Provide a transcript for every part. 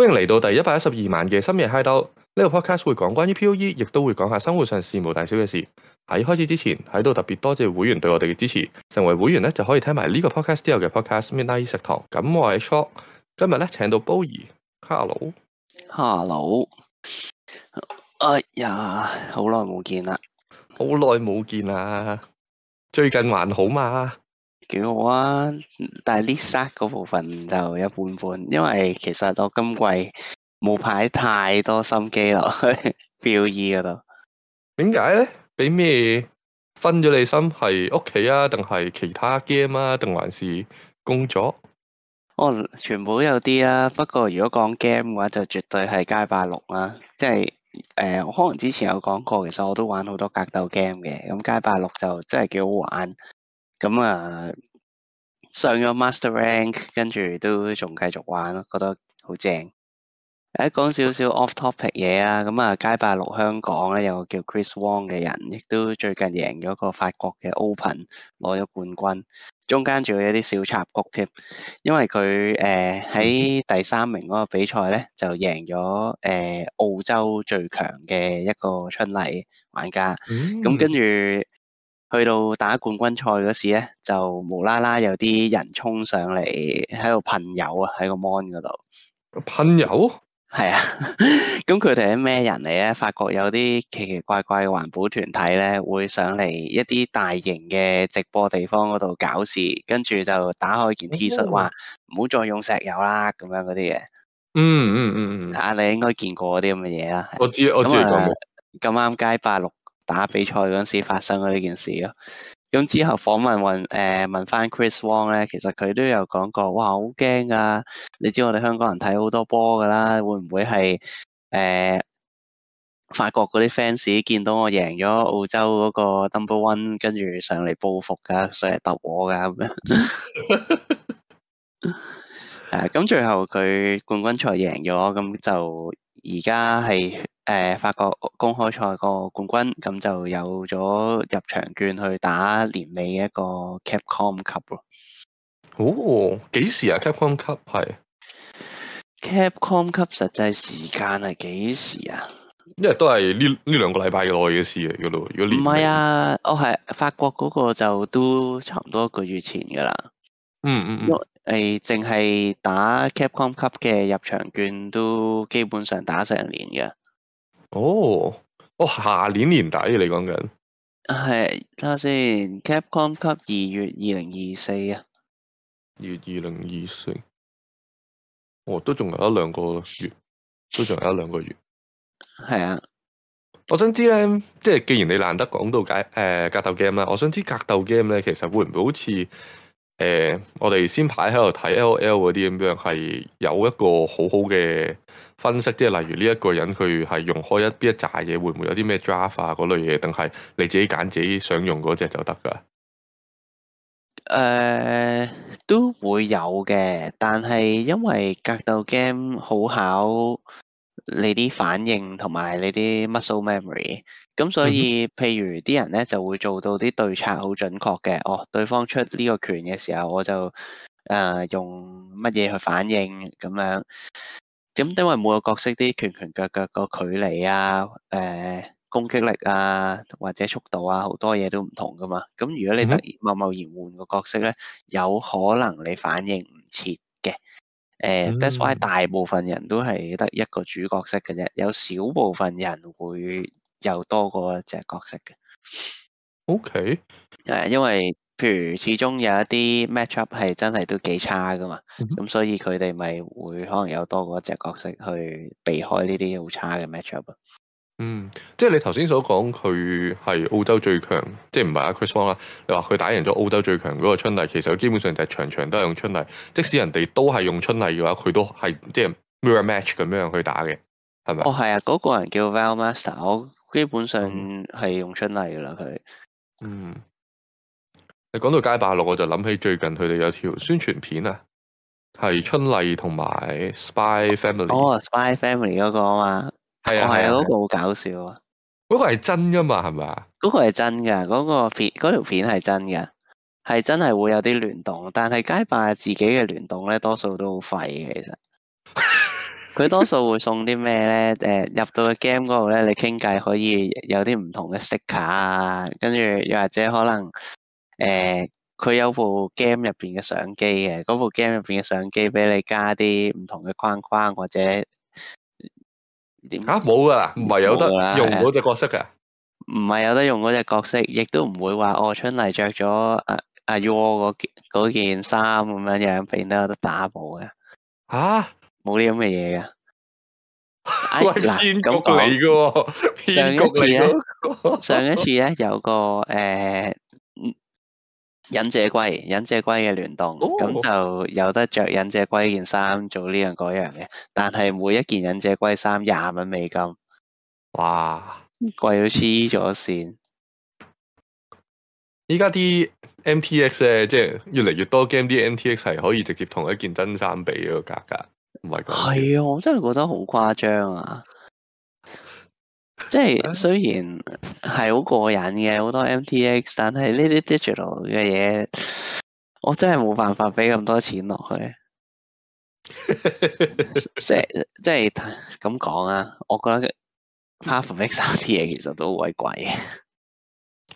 歡迎嚟到第一百一十二晚嘅深夜 Hideout，呢個 podcast 會講關於 Poe，亦都會講下生活上事無大小嘅事。喺開始之前，喺度特別多謝會員對我哋嘅支持。成為會員咧就可以聽埋呢個 podcast 之後嘅 podcast Midnight 食堂。咁我係 Chok，今日咧請到 Bowie。Hello，Hello，哎呀，好耐冇見啦，好耐冇見啦，最近還好嘛？幾好啊！但係呢 set 嗰部分就一般般，因為其實我今季冇排太多心機落去表意嗰度。點解咧？俾咩分咗你心？係屋企啊，定係其他 game 啊，定還是工作？哦，全部都有啲啊。不過如果講 game 嘅話，就絕對係街霸六啦、啊。即係誒，我、呃、可能之前有講過，其實我都玩好多格鬥 game 嘅。咁街霸六就真係幾好玩。咁啊，上咗 master rank，跟住都仲繼續玩，覺得好正。誒講少少 off topic 嘢啊，咁啊街霸六香港咧有個叫 Chris Wong 嘅人，亦都最近贏咗個法國嘅 Open 攞咗冠軍，中間仲有一啲小插曲添，因為佢誒喺第三名嗰個比賽咧就贏咗、呃、澳洲最強嘅一個春麗玩家，咁、嗯、跟住。去到打冠軍賽嗰時咧，就無啦啦有啲人衝上嚟，喺度噴油，個噴油啊，喺個 mon 嗰度噴油。係啊，咁佢哋係咩人嚟咧？法國有啲奇奇怪怪嘅環保團體咧，會上嚟一啲大型嘅直播地方嗰度搞事，跟住就打開件 T 恤，話唔好再用石油啦，咁樣嗰啲嘢。嗯嗯嗯嗯，吓你應該見過啲咁嘅嘢啦。我知，我知、啊。意咁啱街霸六，打比賽嗰時發生嗰呢件事咯，咁之後訪問問誒、呃、問翻 Chris Wong 咧，其實佢都有講過，哇好驚啊！你知我哋香港人睇好多波噶啦，會唔會係誒、呃、法國嗰啲 fans 見到我贏咗澳洲嗰個 Double One，跟住上嚟報復噶，上嚟揼我噶咁樣？誒 咁最後佢冠軍賽贏咗，咁就而家係。誒，法國公開賽個冠軍咁就有咗入場券去打年尾嘅一個 Capcom Cup 咯。哦，幾時啊？Capcom Cup 係？Capcom Cup 實際時間係幾時啊？因為都係呢呢兩個禮拜嘅內嘅事嚟嘅咯，如果年尾唔係啊，我、哦、係法國嗰個就都差唔多一個月前噶啦。嗯嗯嗯，誒，淨係打 Capcom Cup 嘅入場券都基本上打成年嘅。哦，哦，下年年底你講緊，係睇下先，Capcom 級二月二零二四啊，二月二零二四，哦，都仲有一兩個月，都仲有一兩個月，係啊。我想知咧，即係既然你難得講到解誒、呃、格鬥 game 啦，我想知格鬥 game 咧，其實會唔會好似？誒、呃，我哋先排喺度睇 L. L. 嗰啲咁樣，係有一個好好嘅分析，即係例如呢一個人佢係用開一邊一扎嘢，會唔會有啲咩 driver 嗰類嘢？定係你自己揀自己想用嗰隻就得㗎？誒、呃，都會有嘅，但係因為格鬥 game 好考。你啲反應同埋你啲 muscle memory，咁所以、嗯、哼譬如啲人咧就會做到啲對策好準確嘅。哦，對方出呢個拳嘅時候，我就誒、呃、用乜嘢去反應咁樣。咁因為每個角色啲拳拳腳腳個距離啊、誒、呃、攻擊力啊或者速度啊好多嘢都唔同㗎嘛。咁如果你突然貿貿然換個角色咧，有可能你反應唔切。誒，that's why 大部分人都係得一個主角色嘅啫，有少部分人會有多過一隻角色嘅。OK，誒，因為譬如始終有一啲 matchup 係真係都幾差㗎嘛，咁、mm hmm. 所以佢哋咪會可能有多過一隻角色去避開呢啲好差嘅 matchup。嗯，即係你頭先所講，佢係澳洲最強，即係唔係阿 Chris Wong 啦。你話佢打贏咗澳洲最強嗰個春麗，其實佢基本上就場場都係用春麗。是的 即使人哋都係用春麗嘅話，佢都係即係 mirror match 咁樣去打嘅，係咪？哦，係啊，嗰、那個人叫 Valmaster，我基本上係用春麗噶啦佢。嗯，他嗯，你講到街霸六，我就諗起最近佢哋有條宣傳片啊，係春麗同埋 Spy Family 哦。哦，Spy Family 嗰個啊嘛。係啊，係、哦、啊，嗰、啊啊、個好搞笑啊！嗰個係真噶嘛，係咪？嗰個係真噶，嗰、嗰個片嗰條片係真噶，係真係會有啲聯動，但係街霸自己嘅聯動咧，多數都好廢嘅。其實佢 多數會送啲咩咧？誒、呃，入到個 game 嗰度咧，你傾偈可以有啲唔同嘅 sticker 啊，跟住又或者可能誒，佢、呃、有部 game 入邊嘅相機嘅，嗰部 game 入邊嘅相機俾你加啲唔同嘅框框或者。點啊冇噶，唔係有得用嗰隻角色嘅，唔係有得用嗰隻角色，亦都唔會話哦春麗着咗阿阿 Yo 嗰嗰件衫咁樣樣變都有得打部嘅，吓冇啲咁嘅嘢嘅，係騙局嚟嘅，騙局嚟嘅，上一次，上一次咧有個誒。忍者龜，忍者龜嘅聯動，咁、哦、就有得着忍者龜件衫做呢樣嗰樣嘅，但係每一件忍者龜衫廿蚊美金，哇，貴到黐咗線！依家啲 MTX 咧，即係越嚟越多 game 啲 MTX 係可以直接同一件真衫比嗰個價格，格，唔係咁，係啊，我真係覺得好誇張啊！即係雖然係好過癮嘅，好多 MTX，但係呢啲 digital 嘅嘢，我真係冇辦法俾咁多錢落去。 即即係咁講啊，我覺得 Path of Exile 啲嘢其實都好鬼貴。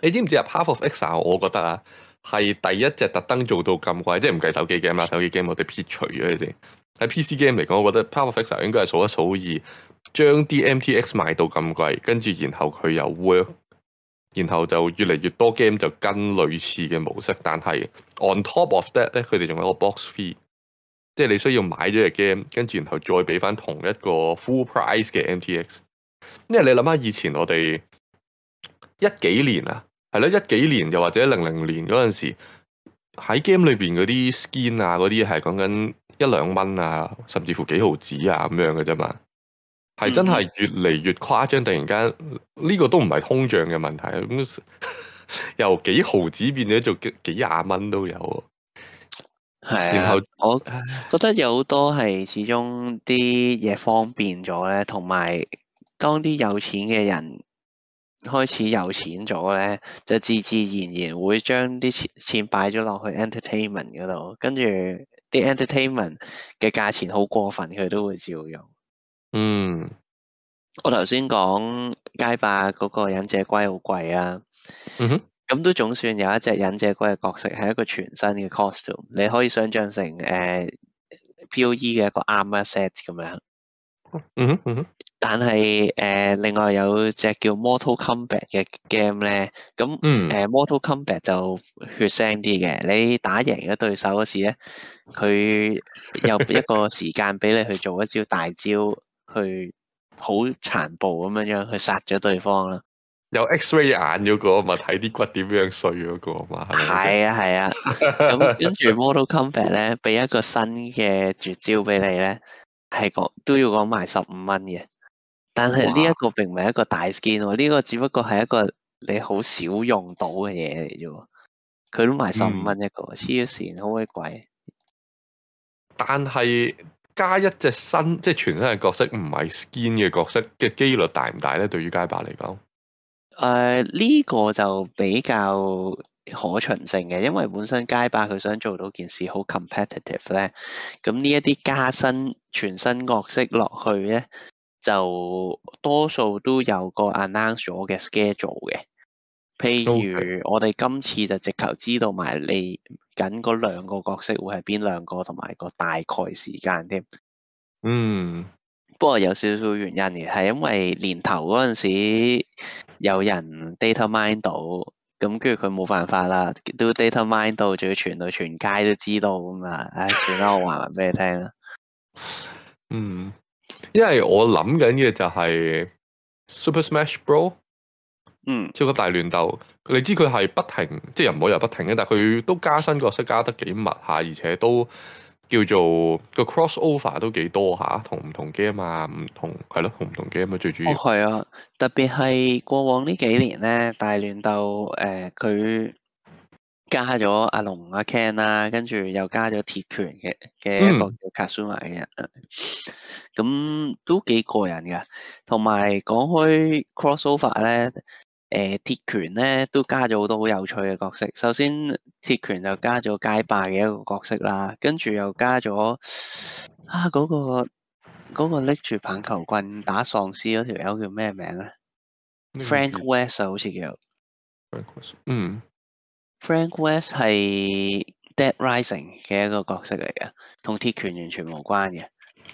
你知唔知啊？Path of Exile，我覺得啊，係第一隻特登做到咁貴，即係唔計手機嘅啊嘛手機 game 我哋撇除咗先。喺 PC game 嚟講，我覺得 Path of Exile 應該係數一數二。將啲 MTX 賣到咁貴，跟住然後佢又 work，然後就越嚟越多 game 就跟類似嘅模式，但係 on top of that 咧，佢哋仲有一個 box fee，即係你需要買咗隻 game，跟住然後再俾翻同一個 full price 嘅 MTX，因為你諗下以前我哋一幾年啊，係咯一幾年又或者零零年嗰陣時，喺 game 裏邊嗰啲 skin 啊，嗰啲係講緊一兩蚊啊，甚至乎幾毫子啊咁樣嘅啫嘛。係真係越嚟越誇張，突然間呢個都唔係通脹嘅問題，咁由幾毫子變咗做幾廿蚊都有啊！係啊，然後我覺得有好多係始終啲嘢方便咗咧，同埋當啲有錢嘅人開始有錢咗咧，就自自然然會將啲錢錢擺咗落去 entertainment 嗰度，跟住啲 entertainment 嘅價錢好過分，佢都會照用。嗯，我頭先講街霸嗰個忍者龜好貴啊。咁、嗯、哼都總算有一隻忍者龜嘅角色係一個全新嘅 costume，你可以想象成誒、呃、P.O.E 嘅一個 armor set 咁樣，嗯嗯、但係誒、呃、另外有隻叫的、嗯呃、Mortal Kombat 嘅 game 咧，咁誒 Mortal Kombat 就血腥啲嘅，你打贏咗對手嗰時咧，佢有一個時間俾你去做一招大招。 去好殘暴咁樣樣去殺咗對方啦！有 X-ray 眼嗰個嘛，睇啲骨點樣碎嗰個嘛？係啊係啊，咁跟住《Mortal Kombat》咧，俾一個新嘅絕招俾你咧，係講都要講埋十五蚊嘅。但係呢一個並唔係一個大 skin 喎，呢個只不過係一個你好少用到嘅嘢嚟啫。佢都賣十五蚊一個，黐線好鬼貴。但係，加一隻新即係全新嘅角色，唔係 skin 嘅角色嘅機率大唔大咧？對於街霸嚟講，呃，誒、這、呢個就比較可循性嘅，因為本身街霸佢想做到件事好 competitive 咧，咁呢一啲加新全新角色落去咧，就多數都有個 announce 咗嘅 schedule 嘅。譬如 Okay. 我哋今次就直頭知道埋你緊嗰兩個角色會係邊兩個，同埋個大概時間添。嗯，mm. 不過有少少原因嘅，係因為年頭嗰陣時有人 data mine 到，咁跟住佢冇辦法啦，都 data mine 到，仲要傳到全街都知道咁嘛！唉，算啦，我話埋俾你聽啦。嗯，因為我諗緊嘅就係 Super Smash Bro。嗯，超級大亂鬥，你知佢係不停，即係又唔好又不停嘅，但係佢都加新角色加得幾密下，而且都叫做個 cross over 都幾多吓，同唔同 game 嘛、啊，唔同係咯，同唔同 game 咪、啊、最主要係、哦呃、啊，特別係過往呢幾年咧，大亂鬥誒，佢加咗阿龍阿 Ken 啦，跟住又加咗鐵拳嘅嘅一個叫卡蘇瓦嘅人，咁、嗯、都幾過癮噶，同埋講開 cross over 咧。鐵、欸、鐵拳咧都加咗好多好有趣嘅角色。首先，鐵拳就加咗街霸嘅一個角色啦，跟住又加咗啊嗰、那個嗰拎住棒球棍打喪屍嗰條友叫咩名呢？Frank West 好似叫。Frank, 嗯、Frank West。嗯。Frank West 係 Dead Rising 嘅一個角色嚟嘅，同鐵拳完全無關嘅。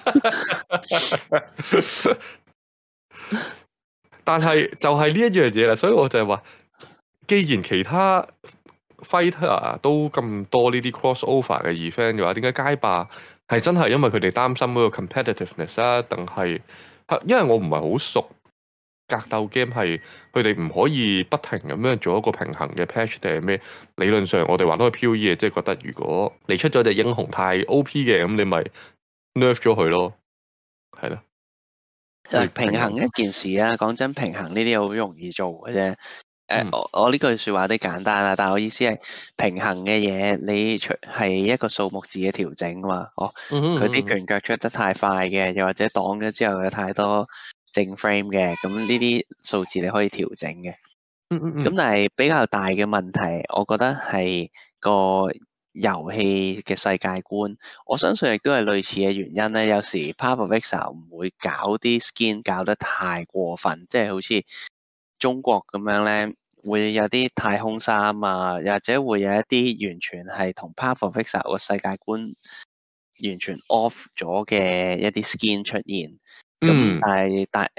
但係就係呢一樣嘢啦，所以我就係話，既然其他 fighter 都咁多呢啲 cross over 嘅 event 嘅話，點解街霸係真係因為佢哋擔心嗰個 competitiveness 啊？定係，因為我唔係好熟格鬥 game，係佢哋唔可以不停咁樣做一個平衡嘅 patch 定係咩？理論上我哋玩開 POE 嘅，即係覺得如果你出咗隻英雄太 OP 嘅，咁你咪。Nerf 咗佢咯，係咯。平衡一件事啊，講真，平衡呢啲好容易做嘅啫。誒、呃嗯，我我呢句說話有啲簡單啊，但係我意思係平衡嘅嘢，你除係一個數目字嘅調整嘛，哦，佢啲拳腳出得太快嘅，又或者擋咗之後有太多正 frame 嘅，咁呢啲數字你可以調整嘅。咁、嗯嗯嗯、但係比較大嘅問題，我覺得係個。遊戲嘅世界觀，我相信亦都係類似嘅原因咧。有時 Path of Exile 唔會搞啲 skin 搞得太過分，即係好似中國咁樣咧，會有啲太空衫啊，或者會有一啲完全係同 Path of Exile 個世界觀完全 off 咗嘅一啲 skin 出現。咁、嗯、但係但，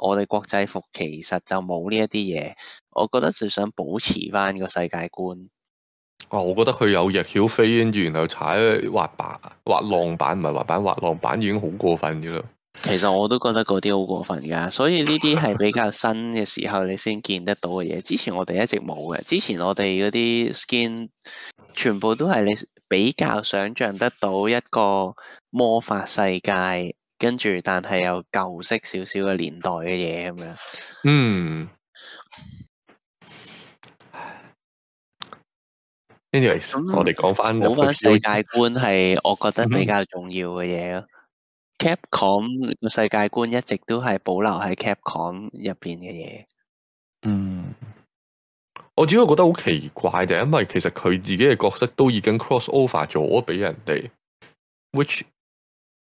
我哋國際服其實就冇呢一啲嘢。我覺得就想保持翻個世界觀。哦、我覺得佢有翼曉飛跟住，然後踩滑，滑，滑板、滑浪板，唔係滑板，滑浪板已經好過分嘅啦。其實我都覺得嗰啲好過分噶，所以呢啲係比較新嘅時候你先見得到嘅嘢。 之前我哋一直冇嘅，之前我哋嗰啲 skin 全部都係你比較想象得到一個魔法世界，跟住但係有舊式少少嘅年代嘅嘢咁樣。嗯。呢條嚟，anyway, 嗯、我哋講翻，講翻世界觀係我覺得比較重要嘅嘢咯。嗯、Capcom 個世界觀一直都係保留喺 Capcom 入邊嘅嘢。嗯，我主要覺得好奇怪就係，因為其實佢自己嘅角色都已經 cross over 咗俾人哋，which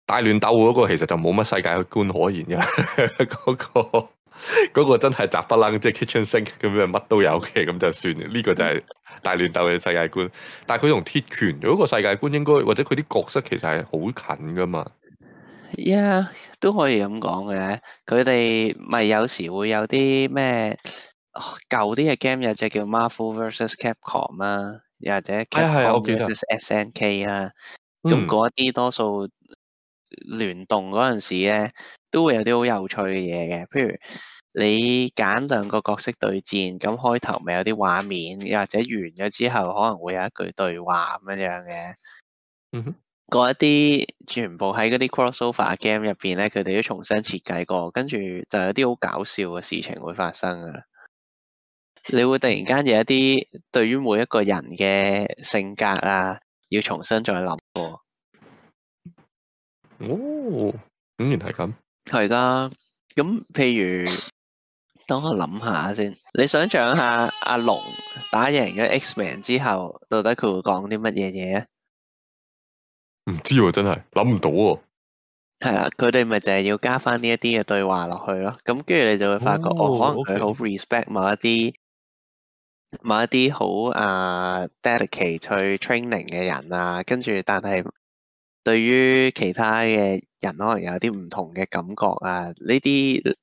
大亂鬥嗰個其實就冇乜世界觀可言嘅嗰、 嗰個。嗰 個真係雜不楞，即、就、係、是、kitchen sink 咁樣，乜都有嘅，咁就算。呢、這個就係大亂鬥嘅世界觀。 但係佢同鐵拳嗰個世界觀應該，應該或者佢啲角色其實係好近噶嘛？呀，yeah, 都可以咁講嘅。佢哋咪有時會有啲咩舊啲嘅 game，有隻叫 Marvel vs Capcom 啊，又或者係係我記得 SNK 啊，咁嗰啲多數聯動嗰陣時咧，都會有啲好有趣嘅嘢嘅，譬如。你揀兩個角色對戰，咁開頭咪有啲畫面，又或者完咗之後可能會有一句對話咁樣樣嘅。嗯哼，嗰啲全部喺嗰啲 crossover game 入邊咧，佢哋都重新設計過，跟住就有啲好搞笑嘅事情會發生㗎！你會突然間有一啲對於每一個人嘅性格啊，要重新再諗過。哦，咁原來係咁，係噶。咁譬如。等我諗下先。你想象下阿龍打贏咗 Xman 之後，到底佢會講啲乜嘢嘢？唔知喎、啊，真係諗唔到啊！係啦，佢哋咪就係要加翻呢一啲嘅對話落去咯。咁跟住你就會發覺，哦，可能佢好 respect 某一啲、哦 okay、某一啲好啊、uh, dedicated 去 training 嘅人啊。跟住，但係對於其他嘅人，可能有啲唔同嘅感覺啊。呢啲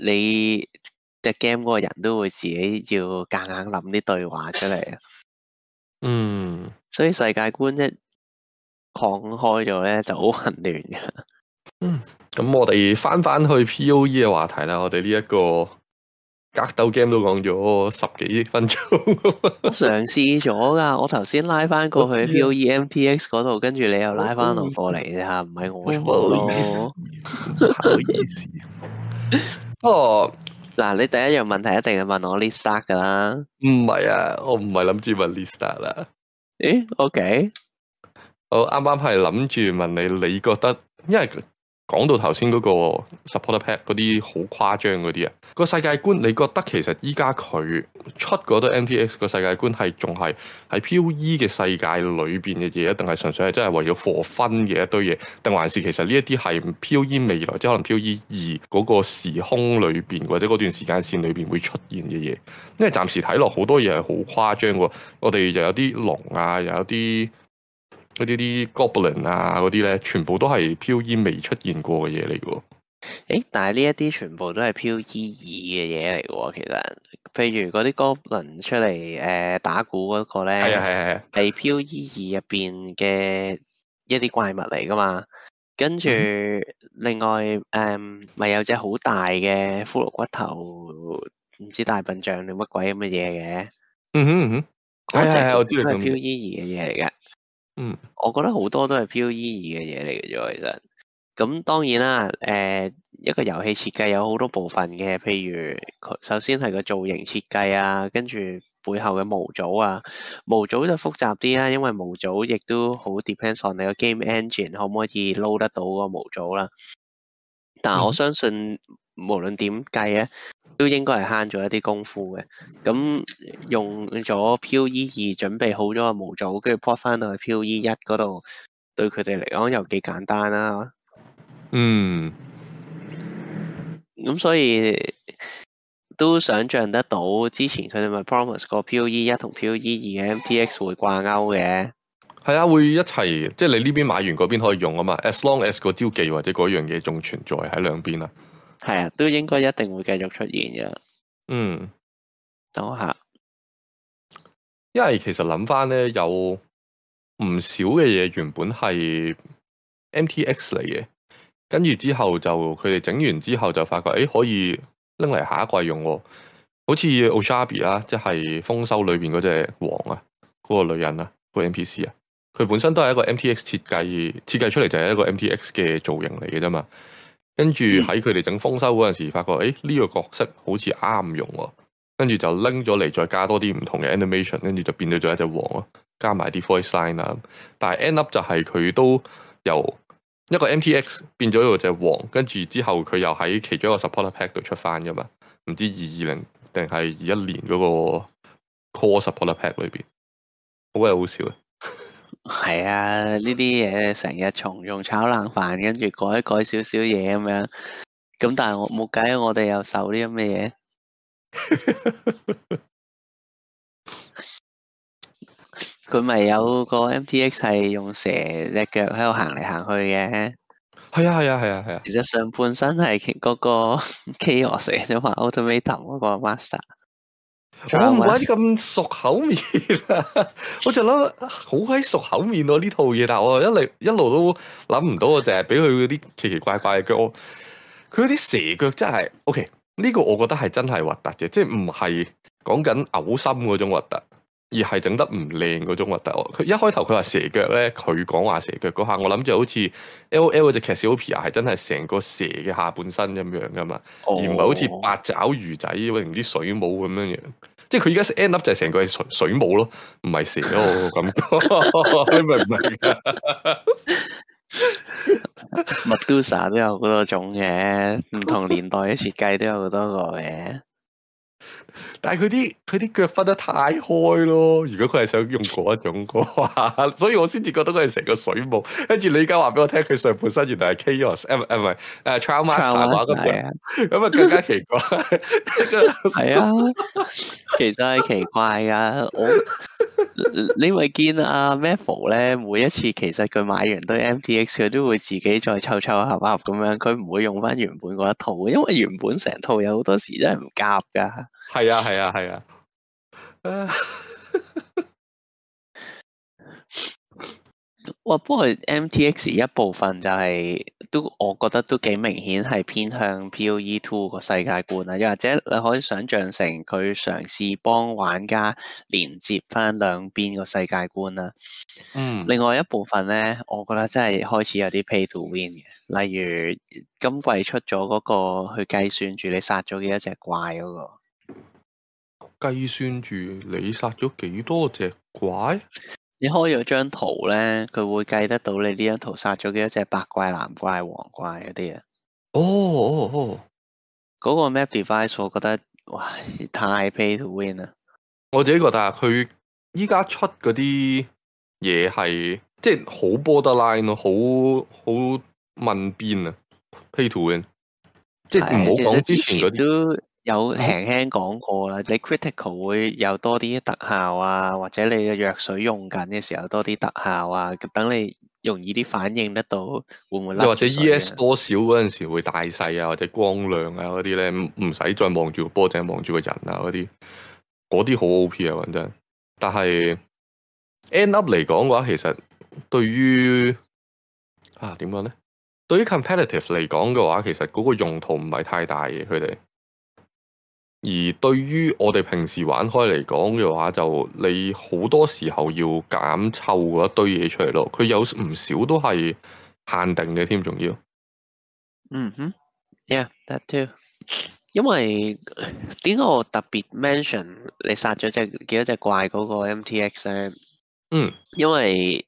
你隻 game 嗰個人都會自己要夾硬諗啲對話出嚟，嗯，所以世界觀一擴開咗咧就好混亂嘅。嗯，咁我哋翻翻去 POE 嘅話題啦，我哋呢一個格鬥 game 都講咗十幾分鐘，嘗試咗噶，我頭先拉翻過去 POE MTX 嗰度，跟住你又拉翻落過嚟啊，唔係我錯咯，不好意思，不過。 oh, 嗱，你第一樣問題一定係問我 listar 㗎啦。唔係啊，我唔係諗住問 listar 啦。咦，OK，我啱啱係諗住問你，你覺得，因為。講到頭先嗰個 supporter pack 嗰啲好誇張嗰啲啊，個世界觀，你覺得其實依家佢出嗰堆 MTX 個世界觀係仲係喺 POE 嘅世界裏邊嘅嘢，一定係純粹係真係為咗 for fun 嘅一堆嘢，定還是其實呢一啲係 POE 未來即可能 POE2 嗰個時空裏邊或者嗰段時間線裏邊會出現嘅嘢？因為暫時睇落好多嘢係好誇張嘅，我哋就有啲龍啊，又有啲。啊、呢啲啲 goblin 啊，嗰啲咧，全部都係 POE 未出現過嘅嘢嚟㗎。誒，但係呢一啲全部都係 POE2 嘅嘢嚟㗎。其實，譬如嗰啲 goblin 出嚟誒、呃、打鼓嗰個咧，係 POE2 入邊嘅一啲怪物嚟㗎嘛。跟住、嗯、另外誒，咪、嗯、有隻好大嘅骷髏骨頭，唔知大笨象定乜鬼咁嘅嘢嘅。嗯哼嗯哼，係係係，我知你咁。係 POE2 嘅嘢嚟嘅。嗯，我覺得好多都係 POE 嘅嘢嚟嘅啫，其實。咁當然啦、呃，一個遊戲設計有好多部分嘅，譬如首先係個造型設計啊，跟住背後嘅模組啊，模組就複雜啲啦，因為模組亦都好 depends on 你個 game engine 可唔可以 load 得到個模組啦。但我相信、嗯、無論點計咧。都應該係慳咗一啲功夫嘅，咁用咗 POE2 準備好咗個模組，跟住 port 翻到去 POE1 嗰度，對佢哋嚟講又幾簡單啦、啊。嗯，咁所以都想象得到，之前佢哋咪 promise 過 POE1 同 POE2 MTX 會掛鈎嘅。係啊，會一齊，即係你呢邊買完嗰邊可以用啊嘛。As long as 個招記或者嗰樣嘢仲存在喺兩邊啊。係啊，都應該一定會繼續出現嘅。嗯，等我一下，因為其實諗翻咧，有唔少嘅嘢原本係 M T X 嚟嘅，跟住之後就佢哋整完之後就發覺，誒、哎、可以拎嚟下一季用、哦。好似 Oshabi 啦，即係豐收裏邊嗰隻王啊，嗰、嗰個女人啊，嗰個 M P C 啊，佢本身都係一個 M T X 設計設計出嚟就係一個 M T X 嘅造型嚟嘅啫嘛。跟住喺佢哋整豐收嗰陣時，發覺呢、哎呢個角色好似啱用喎，跟住就拎咗嚟，再加多啲唔同嘅 animation，跟住就變咗咗一隻黃咯，加埋啲 voice sign 啦。但係 end up 就係佢都由一個 MTX 變咗一個隻黃，跟住之後佢又喺其中一個 supporter pack 度出翻噶嘛，唔知二二零定係二一年嗰個 core supporter pack 裏面，好鬼好笑啊！係啊，呢啲嘢成日重用炒冷飯，跟住改一改少少嘢咁樣。咁但係我冇計，我哋又受啲咁嘅嘢？佢咪 有個 MTX 係用蛇隻腳喺度行嚟行去嘅。係啊係啊係啊係啊！啊啊啊其實上半身係嗰個 Chaos 即係話 automate 嗰個 master。我唔怪啲咁熟口面、啊、 我就諗好喺熟口面喎、啊、呢套嘢，但係我一嚟一路都諗唔到，我就係俾佢嗰啲奇奇怪怪嘅腳。佢嗰啲蛇腳真係 OK，呢個我覺得係真係核突嘅，即唔係講緊嘔心嗰種核突。而係整得唔靚嗰種核突，佢一開頭佢話蛇腳咧，佢講話蛇腳嗰下，我諗住好似 LOL 嗰隻 Cassiopeia 係真係成個蛇嘅下半身咁樣噶嘛，哦、而唔係好似八爪魚仔或者唔知水母咁樣樣，即係佢而家 end up 就成個係水水母咯，唔係蛇哦，感覺 你明唔明啊？Medusa 都有好多種嘅，唔同年代嘅設計都有好多個嘅。但係佢啲佢啲腳分得太開咯，如果佢係想用嗰一種嘅話，所以我先至覺得佢係成個水母。跟住你而家話俾我聽，佢上半身原來係 chaos 唔係唔係誒 trauma 啊咁，咁啊更加奇怪的。係 啊，其實係奇怪噶。我你咪見阿 Mabel 咧，每一次其實佢買完對 MTX，佢都會自己再抽抽合合咁樣，佢唔會用翻原本嗰一套，因為原本成套有好多時真係唔夾噶。係啊，係啊，係啊。 哇，不過 M T X 一部分就係、是、都，我覺得都幾明顯係偏向 P O E Two 個世界觀啊，又或者你可以想像成佢嘗試幫玩家連接翻兩邊個世界觀啦。嗯。另外一部分呢，我覺得真係開始有啲 Pay To Win 嘅，例如今季出咗嗰個去計算住你殺咗幾多隻怪嗰、嗰個。計算住你殺咗幾多隻怪。你開咗張圖咧，佢會計得到你呢一張圖殺咗幾多隻白怪、藍怪、黃怪嗰啲啊。哦哦哦，嗰個 map device，我覺得哇，太 pay to win 啦。我自己覺得佢依家出嗰啲嘢係即係好 borderline 咯，好、好、問邊啊，pay to win，即係唔好講之前嗰啲，有輕輕講過啦，你 critical 會有多啲特效啊，或者你嘅藥水用緊嘅時候多啲特效啊，等你容易啲反應得到會會、啊，會唔會？又或者 ES 多少嗰陣時會大細啊，或者光亮啊嗰啲咧，唔使再望住個波，仔望住個人啊嗰啲，嗰啲好 OP 啊，真。但係 end up 嚟講嘅話，其實對於啊點講咧？對於 competitive 嚟講嘅話，其實嗰個用途唔係太大嘅，佢哋。而對於我哋平時玩開嚟講嘅話，就你好多時候要揀湊嗰一堆嘢出嚟咯。佢有唔少都係限定嘅添，仲要。嗯哼，yeah that too。因為點解我特別 mention 你殺咗隻幾多隻怪嗰個 MTX 咧？嗯，因為。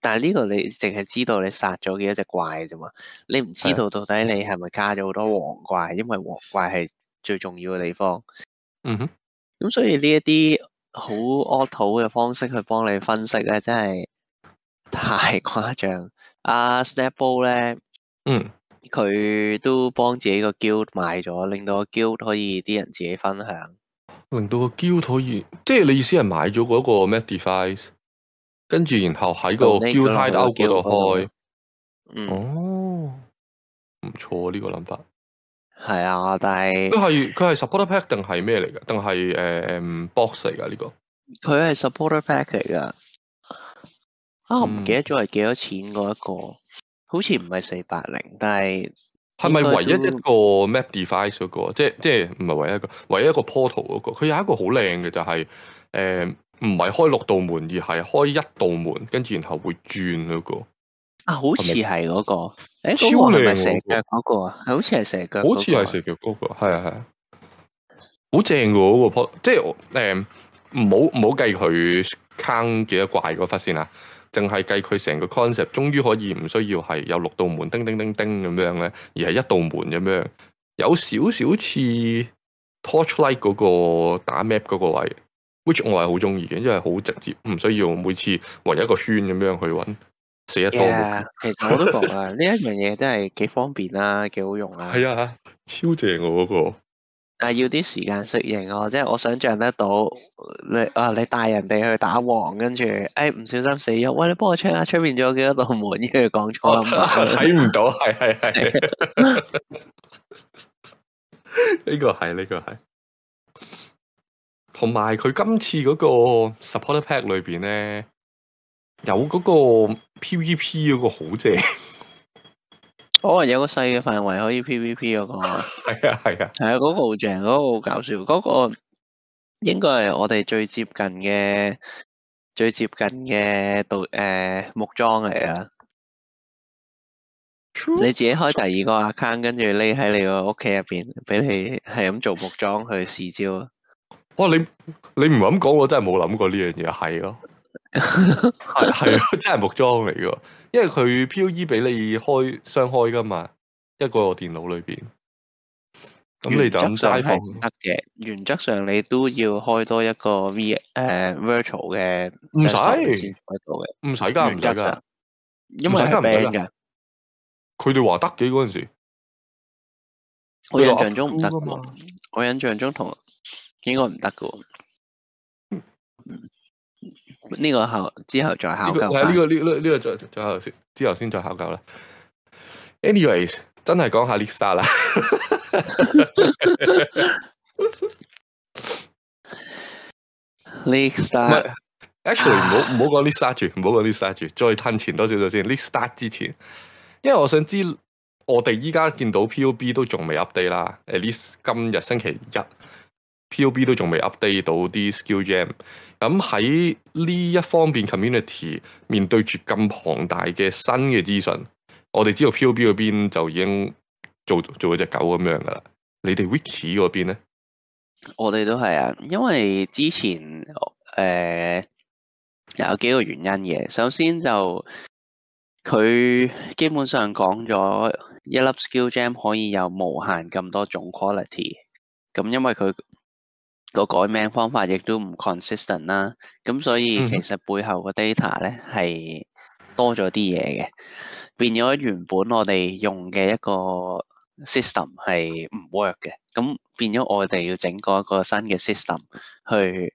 但係呢個你淨係知道你殺咗幾多隻怪啫嘛？你唔知道到底你係咪加咗好多黃怪，因為黃怪係最重要嘅地方。嗯哼，咁所以呢一啲好 auto 嘅方式去幫你分析咧，真係太誇張。阿、uh, Snapple 咧，嗯，佢都幫自己個 Guild 買咗，令到個 Guild 可以啲人自己分享，令到個 Guild 可以，即係你意思係買咗嗰個咩 device？跟住然後喺個焦 t 歐嗰度開。哦，唔錯呢個諗法，係啊，但係佢係佢係 supporter pack 定係咩嚟嘅？定係誒 box 嚟噶呢個？佢係 supporter pack 嚟噶，我唔記得咗係幾多錢嗰一個，嗯、好似唔係四八零，但係係咪唯一一個 map device 嗰、嗰個？即係即係唔係唯一一個，唯一一個 portal 嗰、嗰個？佢有一個好靚嘅就係、是、誒。嗯唔係開六道門，而係開一道門，跟住然後會轉嗰個啊，好似係嗰個，誒，嗰個係咪蛇腳嗰個啊？好似係蛇腳，好似係蛇腳嗰個，係啊係啊，好正喎嗰個即係誒，唔好唔好計佢坑幾多怪嗰忽先啊。淨係計佢成個 concept，終於可以唔需要係有六道門，叮叮叮叮咁樣咧，而係一道門咁樣，有少少似 torchlight 嗰個打 map 嗰個位。which 我係好中意嘅，因為好直接，唔需要每次圍一個圈咁樣去揾死一套。Yeah, 其實我說 都講啊，呢一樣嘢真係幾方便啊，幾好用啊。係、yeah, 那個、啊，超正我嗰個。啊，要啲時間適應哦，即係我想象得到你啊，你帶人哋去打王，跟住誒唔小心死咗，喂你幫我 check 下出邊仲有幾多道門，跟住講錯。睇唔 到，係係係。呢 個係呢、呢個係。同埋佢今次嗰個 supporter pack 裏邊咧，有嗰個 PVP 嗰個好正，可能、哦、有個細嘅範圍可以 PVP 嗰、那個。係 啊，係啊，係啊，嗰、那個好正，嗰、那個好搞笑，嗰、那個應該係我哋最接近嘅、最接近嘅度誒木樁嚟啊。你自己開第二個 account，跟住匿喺你個屋企入邊，俾你係咁做木樁去試招。你你唔係咁講，我真係冇諗過呢樣嘢係咯，係係咯，真係木裝嚟噶因為佢 PoE 俾你開雙開噶嘛，一個我電腦裏邊。咁你就咁齋放得嘅，原則上你都要開多一個 V 誒 Virtual 嘅，唔使，唔使加唔得噶因為係唔得 n 噶佢哋話得嘅嗰陣時，我印象中唔得嘛，我印象中同。應該唔得噶，呢、這個後之後再考究下。呢、這個呢呢、這個再、這個這個、最後先，之後先再考究啦。Anyways，真係講下 league start 啊啦。league start，actually 唔好唔好講 league start 住，唔好講 league start 住，再褪前多少少先。league start 之前，因為我想知我哋依家見到 POB 都仲未 update 啦。誒，league start 今日星期一。POB 都仲未 update 到啲 skill gem，咁喺呢一方面 community 面對住咁龐大嘅新嘅資訊，我哋知道 POB 嗰邊就已經做做咗隻狗咁樣噶啦。你哋 Wiki 嗰邊咧，我哋都係啊，因為之前誒、呃、有幾個原因嘅。首先就佢基本上講咗一粒 skill gem 可以有無限咁多種 quality，咁因為佢。個改名方法亦都唔 consistent 啦，咁所以其實背後個 data 咧，係多咗啲嘢嘅，變咗原本我哋用嘅一個 system 係唔 work 嘅，咁變咗我哋要整過一個新嘅 system 去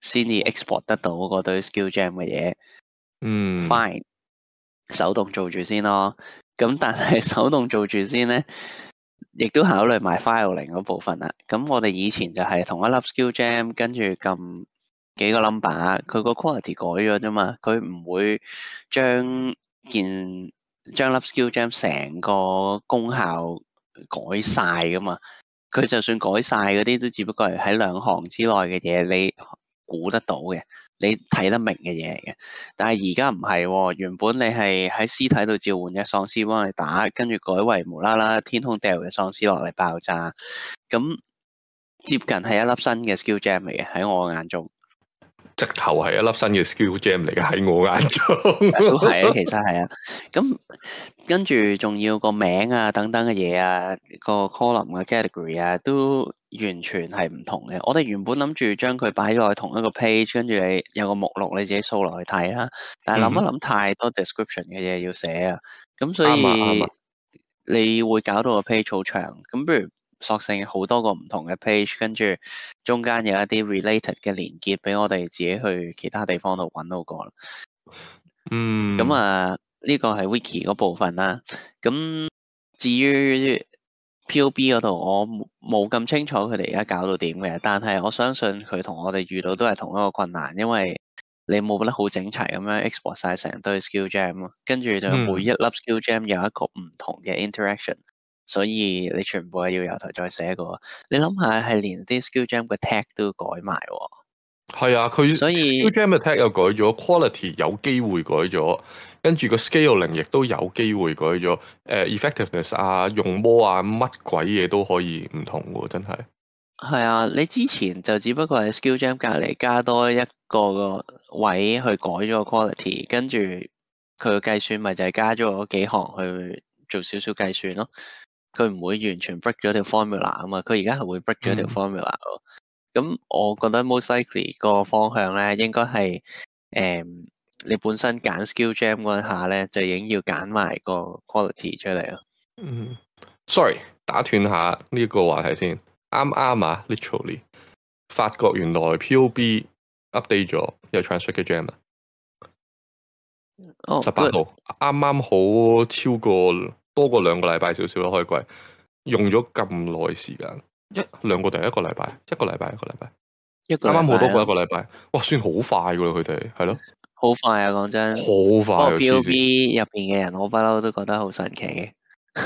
先至 export 得到嗰堆 skill jam 嘅嘢。嗯，fine，手動做住先咯，咁但係手動做住先咧。亦都考慮埋 file 零嗰部分啦，咁我哋以前就係同一粒 skill gem 跟住撳幾個 number，佢個 quality 改咗啫嘛，佢唔會將件將粒 skill gem 成個功效改晒噶嘛，佢就算改晒嗰啲都只不過係喺兩行之內嘅嘢，你估得到嘅，你睇得明嘅嘢嚟嘅。但係而家唔係，原本你係喺屍體度召喚嘅喪屍幫你打，跟住改為無啦啦天空掉嘅喪屍落嚟爆炸。咁接近係一粒新嘅 skill jam 嚟嘅喺我眼中，直頭係一粒新嘅 skill jam 嚟嘅喺我眼中。 都係啊，其實係啊。咁跟住仲要個名啊，等等嘅嘢啊，個 colour 啊，category 啊，都。完全係唔同嘅。我哋原本諗住將佢擺咗喺同一個 page，跟住你有個目錄，你自己掃落去睇啦。但係諗一諗，太多 description 嘅嘢要寫啊，咁所以你會搞到個 page 好長。咁不如索性好多個唔同嘅 page，跟住中間有一啲 related 嘅連結，俾我哋自己去其他地方度揾到一個。嗯。咁啊，呢個係 wiki 嗰部分啦。咁至於～POB 嗰度我冇咁清楚佢哋而家搞到點嘅，但係我相信佢同我哋遇到都係同一個困難，因為你冇得好整齊咁樣 export 晒成堆 skill gem 咯，跟住就每一粒 skill gem 有一個唔同嘅 interaction，所以你全部係要由頭再寫過。你諗下係連啲 skill gem 嘅 tag 都改埋喎。係啊，佢 Skill Jam Attack 又改咗，Quality 有機會改咗，跟住個 Scaling 亦都有機會改咗，誒、uh，Effectiveness 啊，用魔啊，乜鬼嘢，都可以唔同嘅，真係。係啊，你之前就只不過喺 Skill Jam 隔籬加多一個個位去改咗個 Quality，跟住佢嘅計算咪就係加咗幾行去做少少計算咯，佢唔會完全 break 咗條 formula 啊嘛，佢而家係會 break 咗條 formula。嗯咁我覺得 most likely 個方向咧，應該係誒、呃、你本身揀 skill gem 嗰一下咧，就已經要揀埋個 quality 出嚟咯。嗯，sorry，打斷下呢個話題先。啱啱啊，literally 發覺原來 POB update 咗有 transfigured gem 啊。十八、oh, 號啱啱 good. 好超過多過兩個禮拜少少咯，開季用咗咁耐時間。一兩個定一個禮拜，一個禮拜一個禮拜，啱啱冇多過一個禮拜，拜，吧哇，算好快噶啦，佢哋係咯，好快啊，講真，好快、啊。B B 入邊嘅人，我不嬲都覺得好神奇。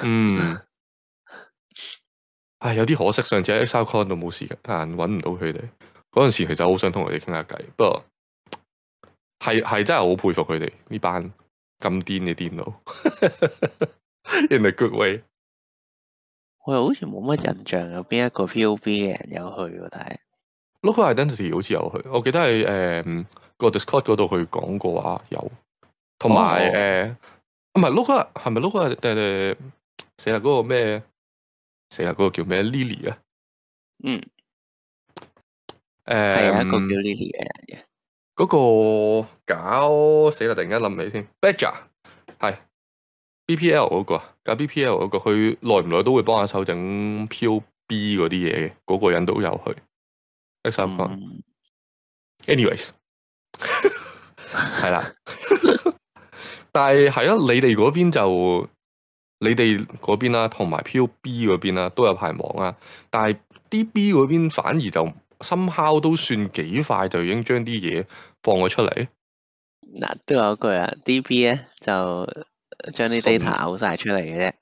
嗯， 唉，有啲可惜，上次喺 ExileCon 度冇時間，但揾唔到佢哋。嗰陣時其實好想同佢哋傾下偈，不過係係真係好佩服佢哋呢班咁癲嘅啲佬。 In a good way。我好似冇乜印象有邊一個 V.O.B 嘅人有去喎，但 Local Identity 好似有去，我記得係誒、呃那個 Discord 嗰度去講過啊，有同埋誒唔係 Local 係咪 Local 誒、呃、死啦嗰、那個咩死啦嗰、那個叫咩 Lily 啊？嗯，誒係、呃、一個叫 Lily 嘅人嘅，嗰個搞死啦突然間諗起先。BPL 嗰、那個啊，BPL 嗰個，佢耐唔耐都會幫下手整 POB 嗰啲嘢嘅，嗰、那個人都有去。X 方，anyways，係啦。但係係咯，你哋嗰邊就，你哋嗰邊啦，同埋 POB 嗰邊啦，都有排忙啊。但係 D B 嗰邊反而就，深烤都算幾快就已經將啲嘢放咗出嚟。嗱，都有句啊，D B 咧就。將啲 data 嘔晒出嚟嘅啫，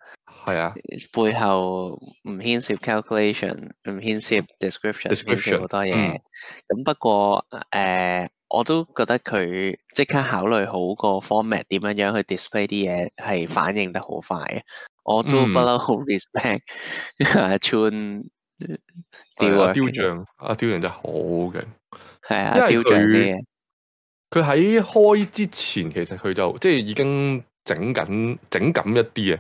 係啊，背後唔牽涉 calculation，唔牽涉 description，Description，牽涉好多嘢。咁、嗯、不過誒、呃，我都覺得佢即刻考慮好個 format，點樣樣去 display 啲嘢係反應得好快。我都不嬲好 respect 啊，阿尊雕像，阿雕像真係好勁，係啊，雕像啲嘢，佢喺、啊、開之前其實佢就即係、就是、已經。整緊整緊一啲嘅，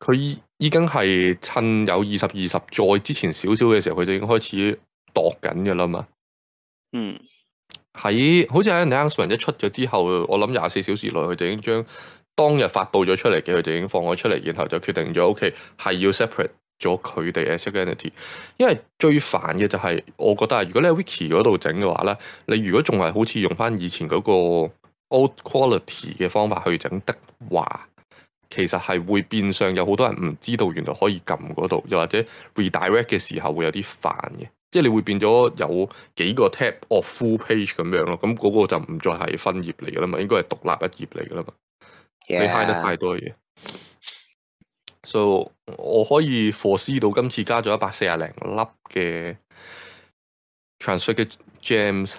佢已經係係趁有二十二十再之前少少嘅時候，佢就已經開始度緊嘅啦嘛。嗯，喺好似喺 announcement 一出咗之後，我諗廿四小時內佢就已經將當日發布咗出嚟嘅，佢就已經放咗出嚟，然後就決定咗 OK 係要 separate 咗佢哋嘅 s e g a r t n i t y，因為最煩嘅就係、是，我覺得如果你喺 Wiki 嗰度整嘅話咧，你如果仲係好似用翻以前嗰、那個。Old quality 嘅方法去整得話，其實係會變相有好多人唔知道原來可以撳嗰度，又或者 redirect 嘅時候會有啲煩嘅，即係你會變咗有幾個 tab or full page 咁樣咯。咁嗰個就唔再係分頁嚟噶啦嘛，應該係獨立一頁嚟噶啦嘛。Yeah. 你 high 得太多嘢，所、so, 以我可以 force 到今次加咗一百四廿零粒嘅 transfigured gems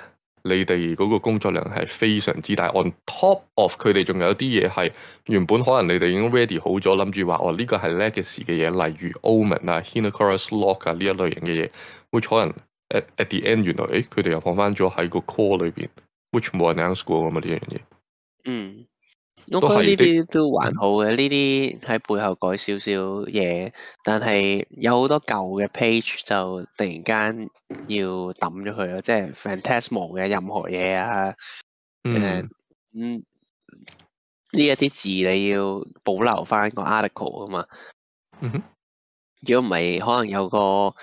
你哋嗰個工作量係非常之大，on top of 佢哋仲有啲嘢係原本可能你哋已經 ready 好咗，諗住話哦呢個係 Legacy 嘅嘢，例如 Omen 啊 Hinekora's Lock 啊呢一類型嘅嘢，會可能 at at the end 原來誒佢哋又放翻咗喺個 call 裏邊，which more dangerous 過我哋呢樣嘢。嗯。我覺得呢啲都還好嘅，呢啲喺背後改少少嘢，但係有好多舊嘅 page 就突然間要抌咗佢咯，即係 Phantasmal 嘅任何嘢啊，誒、mm，hmm. 嗯，呢一啲字你要保留翻個 article 啊嘛，如果唔係，hmm. 可能有個。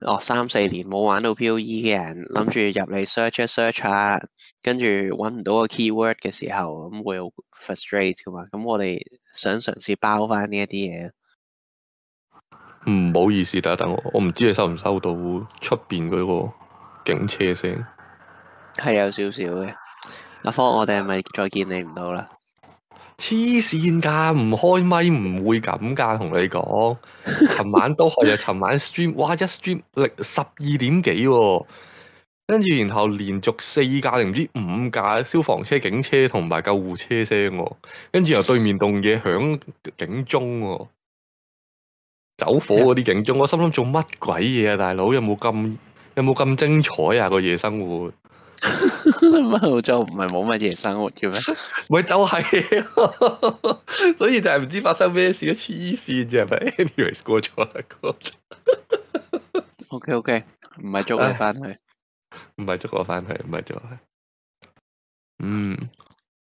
哦，三四年冇玩到 POE 嘅人，諗住入嚟 search 一 search 下，下，跟住揾唔到個 keyword 嘅時候，咁會好 frustrate 噶嘛？咁我哋想嘗試包翻呢一啲嘢。唔好意思，等一等我，我唔知你收唔收到出邊嗰個警車聲。係有少少嘅。阿芳，我哋係咪再見你唔到啦？黐線㗎，唔開咪唔會咁㗎，同你講，琴晚都係啊，琴晚 stream，哇一 stream，十二點幾喎，跟住然後連續四架定唔知五架消防車、警車同埋救護車聲喎，跟住又對面棟嘢響警鐘喎，走火嗰啲警鐘， 我心諗做乜鬼嘢啊，大佬，有冇咁有冇咁精彩啊個夜生活？乜就唔係冇乜嘢生活嘅咩？咪就係、是啊， 所以就係唔知發生咩事咯，黐線啫。Anyways 過咗啦，過咗。O K O K，唔係捉我翻去，唔係捉我翻去，唔係捉。嗯，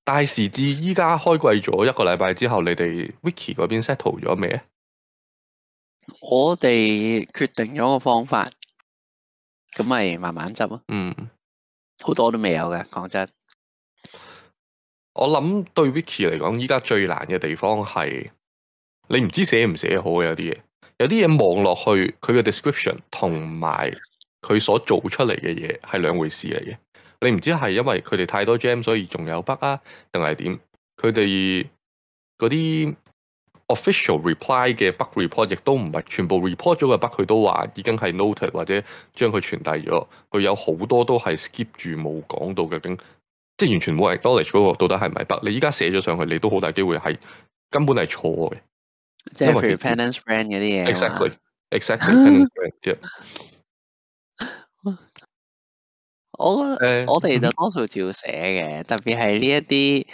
但係時至依家開季咗一個禮拜之後，你哋 Wiki 嗰邊 settle 咗未啊？我哋決定咗個方法，咁咪慢慢執咯。嗯。好多都未有嘅，講真。我諗對 wiki 嚟講，依家最難嘅地方係你唔知寫唔寫好嘅，有啲嘢，有啲嘢望落去，佢嘅 description 同埋佢所做出嚟嘅嘢係兩回事嚟嘅。你唔知係因為佢哋太多 gem 所以仲有 bug 啊，定係點？佢哋嗰啲，official reply 嘅 bug report 亦都唔係全部 report 咗嘅 bug 佢都話已經係 noted 或者將佢傳遞咗。佢有好多都係 skip 住冇講到嘅，即係完全冇 acknowledge 嗰個到底係咪 bug？你依家寫咗上去，你都好大機會係根本係錯嘅。即係譬如 reliance friend 啲嘢。Exactly，exactly。我、uh, 我哋就多數照寫嘅，特別係呢一啲。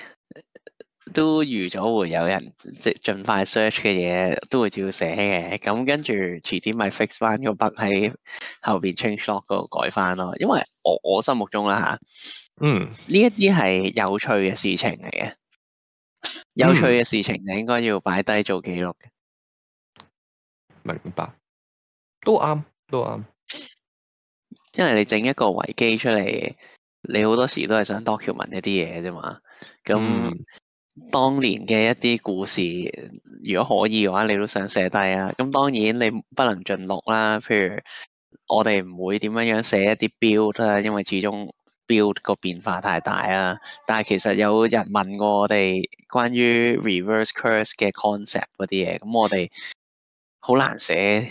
都預咗會有人即盡快 search 嘅嘢，都會照寫嘅。咁跟住遲啲咪 fix 翻個 bug，喺後邊 change log 嗰度改翻咯。因為我我心目中啦嚇，嗯，呢一啲係有趣嘅事情嚟嘅。有趣嘅事情就應該要擺低做記錄嘅。明白，都啱，都啱。因為你整一個維基出嚟，你好多時都係想 document 一啲嘢啫嘛。咁當年嘅一啲故事，如果可以嘅話，你都想寫低啊？咁當然你不能盡錄啦。譬如我哋唔會點樣樣寫一啲 build 啦、啊，因為始終 build 個變化太大啦、啊。但係其實有人問過我哋關於 reverse curse 嘅 concept 嗰啲嘢，咁我哋好難寫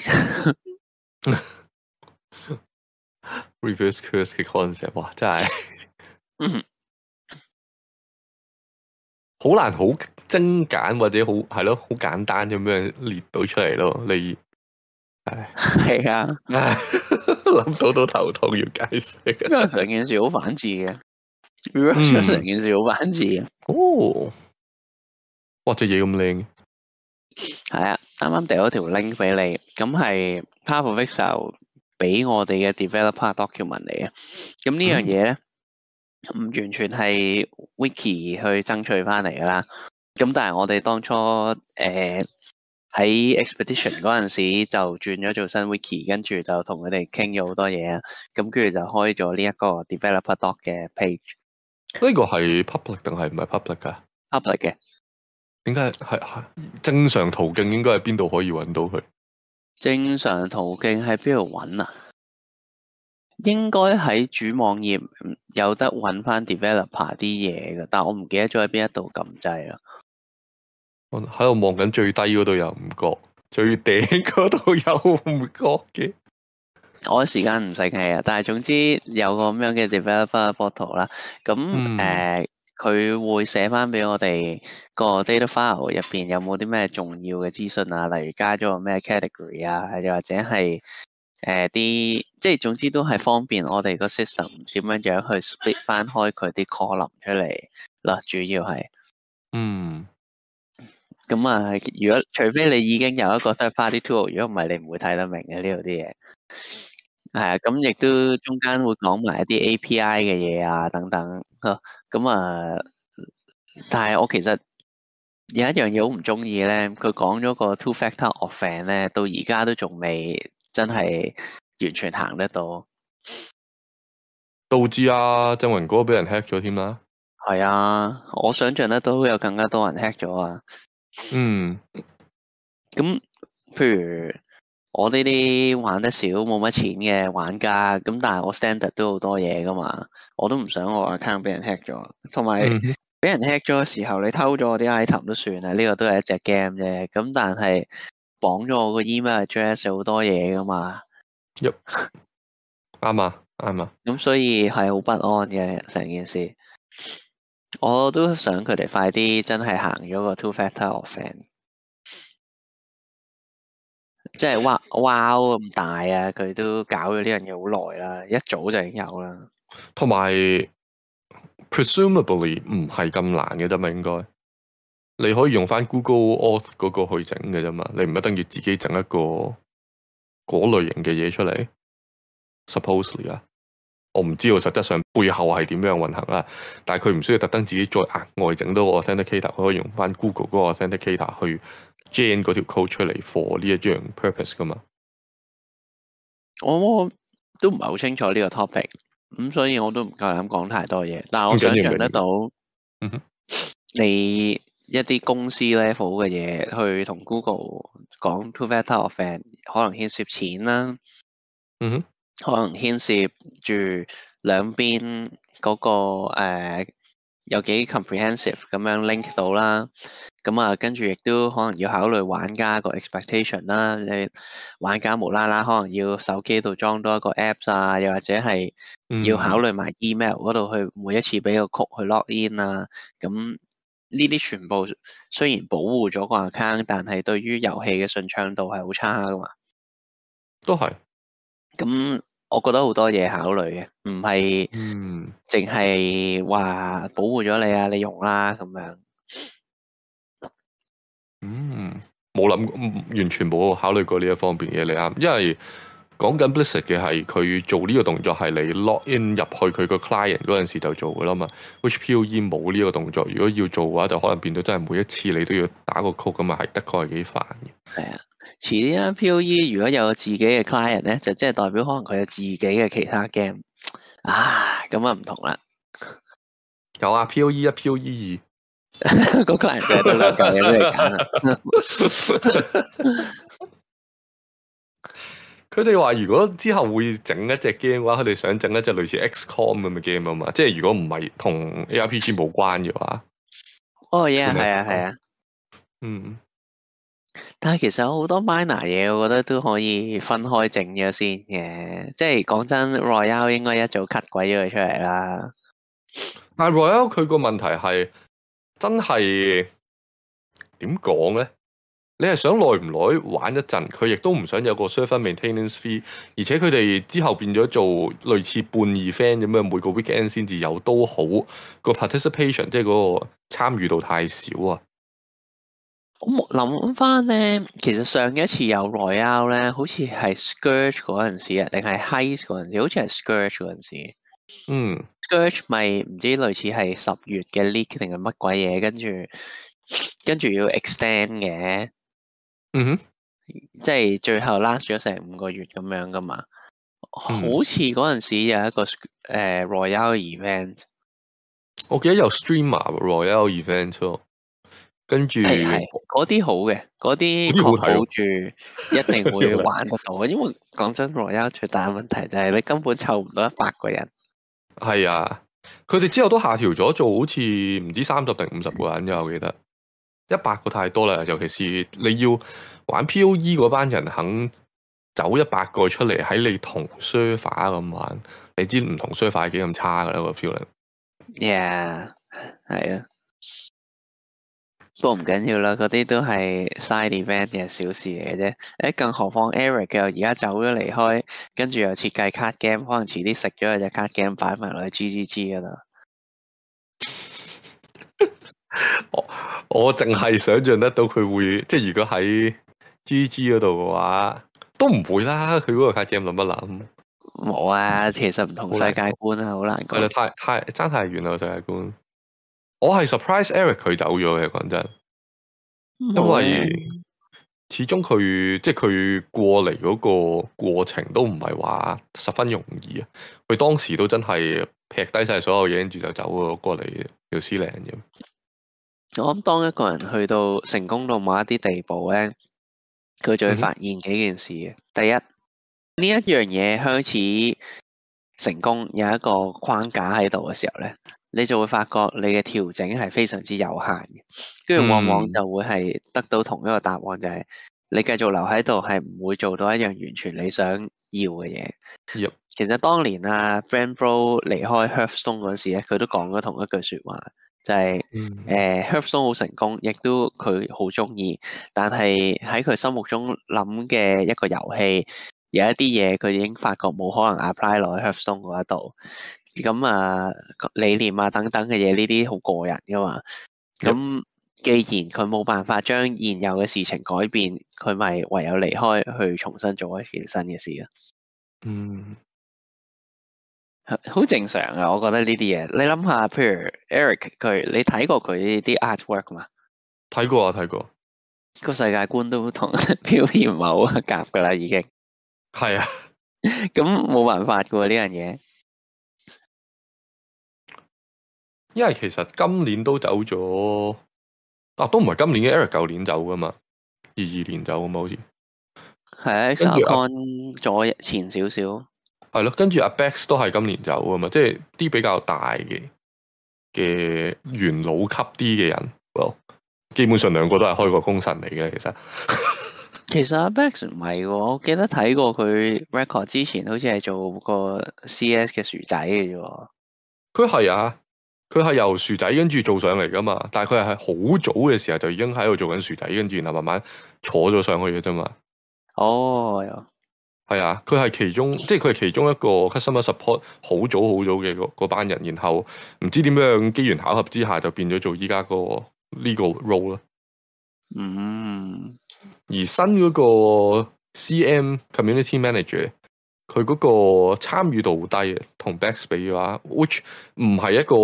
reverse curse 嘅 concept，真係 好難好精簡，或者好係咯，好簡單咁樣列到出嚟？咯你係係啊諗到都頭痛，要解釋，因為成件事好反智嘅 r e a c 成件事好反智嘅、嗯、哦，哇！隻嘢咁靚，係啊，啱啱掉咗條 link 俾你，咁係 Path of Exile 俾我哋嘅 developer document 嚟嘅，咁呢樣嘢咧。嗯唔完全係 Wiki 去爭取翻嚟噶啦，咁但係我哋當初誒喺、呃、Expedition 嗰陣時就轉咗做新 Wiki，跟住就同佢哋傾咗好多嘢啊，咁跟住就開咗呢一個 Developer Doc 嘅 page。呢個係 public 定係唔係 public 噶？public 嘅。點解係係正常途徑？應該喺邊度可以揾到佢？正常途徑喺邊度揾啊？應該喺主網頁有得搵翻 developer 啲嘢嘅，但我唔記得咗喺邊一度撳掣啦。我喺度望緊最低嗰度又唔覺，最頂嗰度又唔覺嘅。我時間唔使計啊，但係總之有個咁樣嘅 developer photo 啦。咁誒，佢、嗯呃、會寫翻俾我哋個 data file 入邊有冇啲咩重要嘅資訊啊？例如加咗個咩 category 啊，又或者係。誒，啲、呃、即係總之都係方便我哋個 system 點樣樣去 split 翻開佢啲 column 出嚟啦。主要係嗯，咁啊，如果除非你已經有一個 third party tool，如果唔係，你唔會睇得明嘅呢度啲嘢。係啊，咁亦都中間會講埋一啲 API 嘅嘢啊，等等。咁啊，但係我其實有一樣嘢好唔中意咧，佢講咗個 two factor auth 咧，frame，到而家都仲未。真係完全行得到，都知啊！鄭雲哥俾人 hack 咗添啦，係啊！我想象得到有更加多人 hack 咗啊！嗯那，咁譬如我呢啲玩得少、冇乜錢嘅玩家，咁但係我 standard 都好多嘢噶嘛，我都唔想我 account 俾人 hack 咗，同埋俾人 hack 咗嘅時候，你偷咗我啲 item 都算啦，呢個都係一隻 game 啫，咁但係。綁咗我個 email address 好多嘢噶嘛？喐啱啊，啱啊。咁所以係好不安嘅成件事。我都想佢哋快啲真係行咗個 two-factor authent 即係哇哇咁大啊！佢都搞咗呢樣嘢好耐啦，一早就已經有啦。同埋 presumably 唔係咁難嘅啫嘛，應該。你可以用翻 Google Auth 嗰個去整嘅啫嘛，你唔一定要自己整一個嗰類型嘅嘢出嚟。Supposedly 啊，我唔知道實質上背後係點樣運行啦，但係佢唔需要特登自己再額外整多個 Authenticator。佢可以用翻 Google 嗰個 Authenticator 去 gen 嗰條 code 出嚟 for 呢一樣 purpose 噶嘛。我都唔係好清楚呢個 topic，咁所以我都唔夠膽講太多嘢，但係我想象得到，你。一啲公司 level 嘅嘢，去同 Google 講 two-factor auth 可能牽涉錢啦，嗯，可能牽涉住兩邊個個誒、呃、有幾 comprehensive 咁樣 link 到啦，咁、嗯、啊、嗯嗯、跟住，亦都可能要考慮玩家個 expectation 啦，你玩家無啦啦可能要手機度裝多一個 apps 啊，又或者係要考慮埋 email 嗰度去每一次俾個曲去 login 啊，咁、嗯。呢啲全部雖然保護咗個 account，但係對於遊戲嘅順暢度係好差㗎嘛。都係。咁我覺得好多嘢考慮嘅，唔係淨係話保護咗你啊，你用啦咁樣。嗯，冇諗，完全冇考慮過呢一方面嘢。你啱，因為。講緊 Blizzard 嘅係佢做呢個動作係你 log in 入去佢個 client 嗰陣時就做㗎喇嘛，which P O E 冇呢個動作。如果要做嘅話，就可能變到真係每一次你都要打個 call 咁嘛，係得個係幾煩嘅。係啊，遲啲啊，P O E 如果有自己嘅 client 咧，就即係代表可能佢有自己嘅其他 game。唉、啊，咁啊唔同啦。有啊，P O E 一、啊、P O E 二個 client 就係得兩嚿嘢嚟揀啦。佢哋話，如果之後會整一隻 game 嘅話，佢哋想整一隻類似 XCOM 咁嘅 game 啊嘛。即係如果唔係同 ARPG 冇關嘅話，哦、oh, yeah, 吧，耶，係啊，係啊，嗯。但係其實有好多 minor 嘢，我覺得都可以分開整咗先嘅。即係講真，Royal 應該一早 cut 鬼咗佢出嚟啦。但 Royal 佢個問題係真係點講咧？你係想耐唔耐玩一陣，佢亦都唔想有個 server maintenance fee，而且佢哋之後變咗做類似半二 friend 咁樣，每個 weekend 先至有都好個 participation，即係嗰個參與度太少啊。我諗翻咧，其實上一次有內撈咧，好似係 scourge 嗰陣時啊，定係 Heist 嗰陣時，好似係 scourge 嗰陣時。嗯，scourge 咪唔知類似係十月嘅 leak 定係乜鬼嘢，跟住跟住要 extend 嘅。嗯哼，即係最後 last 咗成五個月咁樣噶嘛，好似嗰陣時有一個誒、uh, Royal Event，我記得有 Streamer Royal Event 跟住係係嗰啲好嘅，嗰啲確保住一定會玩得到。因為講真，Royal 最大問題就係你根本湊唔到一百個人。係啊，佢哋之後都下調咗，做好似唔知三十定五十個人咋，我記得。一百個太多啦，尤其是你要玩 P O E 嗰班人肯走一百個出嚟喺你同 server，咁玩，你知唔同 server 幾咁差噶啦個 feel 咧。Yeah，係啊，不要緊那些都唔緊要啦，嗰啲都係 side event 嘅小事嚟嘅啫。誒，更何況 Erik 又而家走咗離開，跟住又設計 card game，可能遲啲食咗佢隻 card game 擺埋落去 G G G 噶啦。 我淨係想象得到佢會，即係如果喺 G G 嗰度嘅話，都唔會啦。佢嗰個卡正諗乜諗？冇啊，其實唔同世界觀啊，好難講。係啦，太太爭太遠啦世界觀。我係 surprise Eric 佢走咗嘅，講真。因為始終佢即係佢過嚟嗰個過程都唔係話十分容易啊。佢當時都真係劈低晒所有嘢，跟住就走過過嚟做司令啫。我諗當一個人去到成功到某一啲地步咧，佢就會發現幾件事、嗯、哼第一，呢一樣嘢，開始成功有一個框架喺度嘅時候咧，你就會發覺你嘅調整係非常之有限嘅，跟住往往就會係得到同一個答案，嗯、就係你繼續留喺度係唔會做到一樣完全你想要嘅嘢。嗯、其實當年啊 Ben Brode 離開 Hearthstone 嗰時咧，佢都講咗同一句說話。就係誒 Hearthstone 好成功，亦都佢好中意，但係喺佢心目中諗嘅一個遊戲，有一啲嘢佢已經發覺冇可能 apply 落去 Hearthstone 嗰度，咁啊理念啊等等嘅嘢，呢啲好個人噶嘛。咁既然佢冇辦法將現有嘅事情改變，佢咪唯有離開去重新做一件新嘅事咯。嗯。好正常啊，我覺得呢啲嘢，你諗下，譬如 Erik 佢，你睇過佢啲 artwork 嘛？睇過啊，睇過。個世界觀都同表現唔係好夾噶啦，已經。係啊。咁冇 辦法噶喎呢樣嘢。因為其實今年都走咗，啊，都唔係今年嘅 Erik，舊年走噶嘛，二二年走嘛，咁啊好似。係啊，沙安咗前少少。係咯，跟住阿 Bex 都係今年走噶嘛，即係啲比較大嘅嘅元老級啲嘅人，基本上兩個都係開國功臣嚟嘅，其實。其實阿 Bex 唔係喎，我記得睇過佢 record 之前好似係做個 CS 嘅薯仔嘅啫喎。佢係啊，佢係由薯仔跟住做上嚟噶嘛，但係佢係好早嘅時候就已經喺度做緊薯仔，跟住然後慢慢坐咗上去嘅啫嘛。哦。係啊，佢係其中即係佢係其中一個 customer support 好早好早嘅嗰班人，然後唔知點樣機緣巧合之下就變咗做依家個呢個 role 咯。嗯，而新嗰個 CM community manager 佢嗰個參與度低，同 Bex 比嘅話，which 唔係一個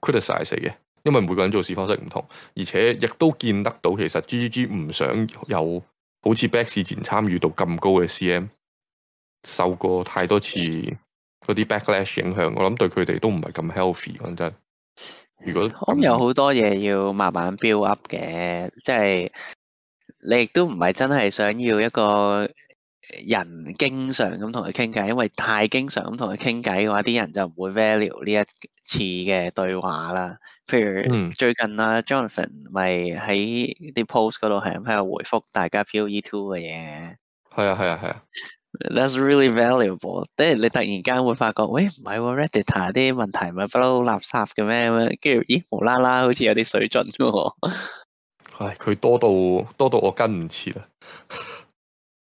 criticize 嚟嘅，因為每個人做事方式唔同，而且亦都見得到，其實 GG 唔想有好似 Bex 前參與度咁高嘅 CM。受過太多次嗰啲 backlash 影響，我諗對佢哋都唔係咁 healthy。講真，如果咁有好多嘢，要慢慢 build up 嘅，即係你亦都唔係真係想要一個人經常咁同佢傾偈，因為太經常咁同佢傾偈嘅話，啲人就唔會 value 呢一次嘅對話啦。譬如最近啊、嗯、，Jonathan 咪喺啲 post 嗰度係咁喺度回覆大家 POE two 嘅嘢。係啊，係啊，係啊。That's really valuable。即係你突然間會發覺，喂、哎、唔係喎、啊、，Reddit 啲問題咪不嬲垃圾嘅咩？咁樣，跟住咦，無啦啦，好似有啲水準喎、哦哎。係佢多到多到我跟唔切啊。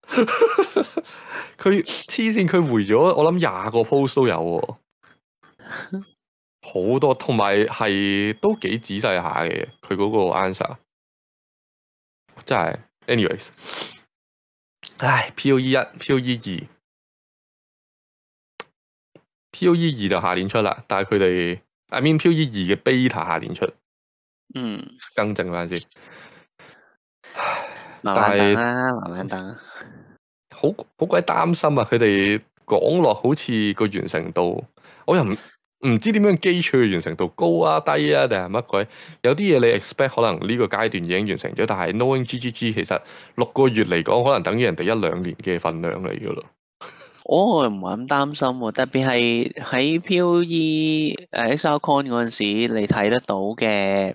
佢黐線，佢回咗我諗廿個 post 都有，好 多，同埋係都幾仔細下嘅。佢嗰個 answer 真係。Anyways。唉 POE 一、POE 二、POE 二就下年出啦，但係佢哋，I mean POE 二嘅 beta 下年出，嗯，更正翻先。慢慢等啦、啊，是慢慢等、啊。好好鬼擔心啊！佢哋講落好似個完成度，我又唔～唔知點樣基礎，完成度高啊低啊定係乜鬼？有啲嘢你 expect 可能呢個階段已經完成咗，但係 Knowing GGG 其實六個月嚟講，可能等於人哋一兩年嘅份量嚟噶咯。我唔係咁擔心啊，特別係喺 PoE 誒 ExileCon 嗰陣時你睇，你睇得到嘅，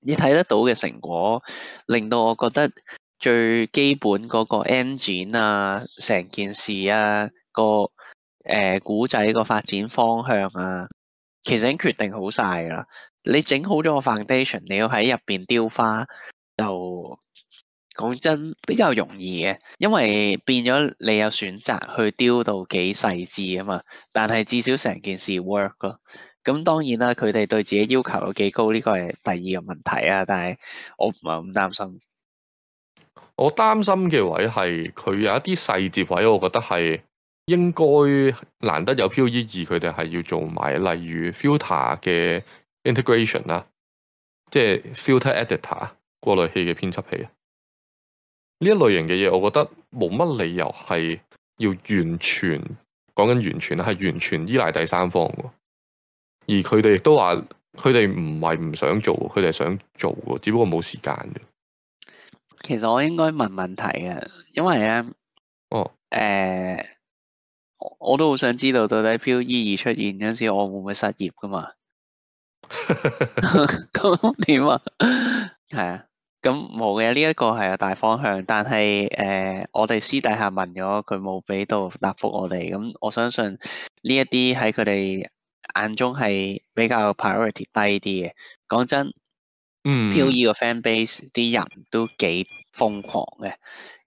你睇得到嘅成果，令到我覺得最基本嗰個 engine 啊，成件事啊個。誒，古仔個發展方向啊，其實已經決定好晒㗎啦。你整好咗個 foundation，你要喺入邊雕花，就講真比較容易嘅，因為變咗你有選擇去雕到幾細緻啊嘛。但係至少成件事 work 咯。咁當然啦，佢哋對自己要求有幾高呢個係第二個問題啊。但係我唔係咁擔心。我擔心嘅位係佢有一啲細節位，我覺得係。應該難得有飄逸，而佢哋係要做埋，例如 filter 嘅 integration 啦，即係 filter editor 過濾器嘅編輯器啊，呢一類型嘅嘢，我覺得冇乜理由係要完全講緊，係完全係完全依賴第三方。而佢哋亦都話，佢哋唔係唔想做，佢哋想做嘅，只不過冇時間。其實我應該問問題嘅，因為咧，誒、oh. 欸。我都好想知道到底 POE2 出現陣時，我會唔會失業噶嘛？咁 點啊？係啊，咁冇嘅呢一個係有大方向，但係誒、呃，我哋私底下問咗佢，冇俾到答覆我哋。咁我相信呢一啲喺佢哋眼中係比較 priority 低啲嘅。講真。嗯，POE 個 fan base 啲人都幾瘋狂嘅，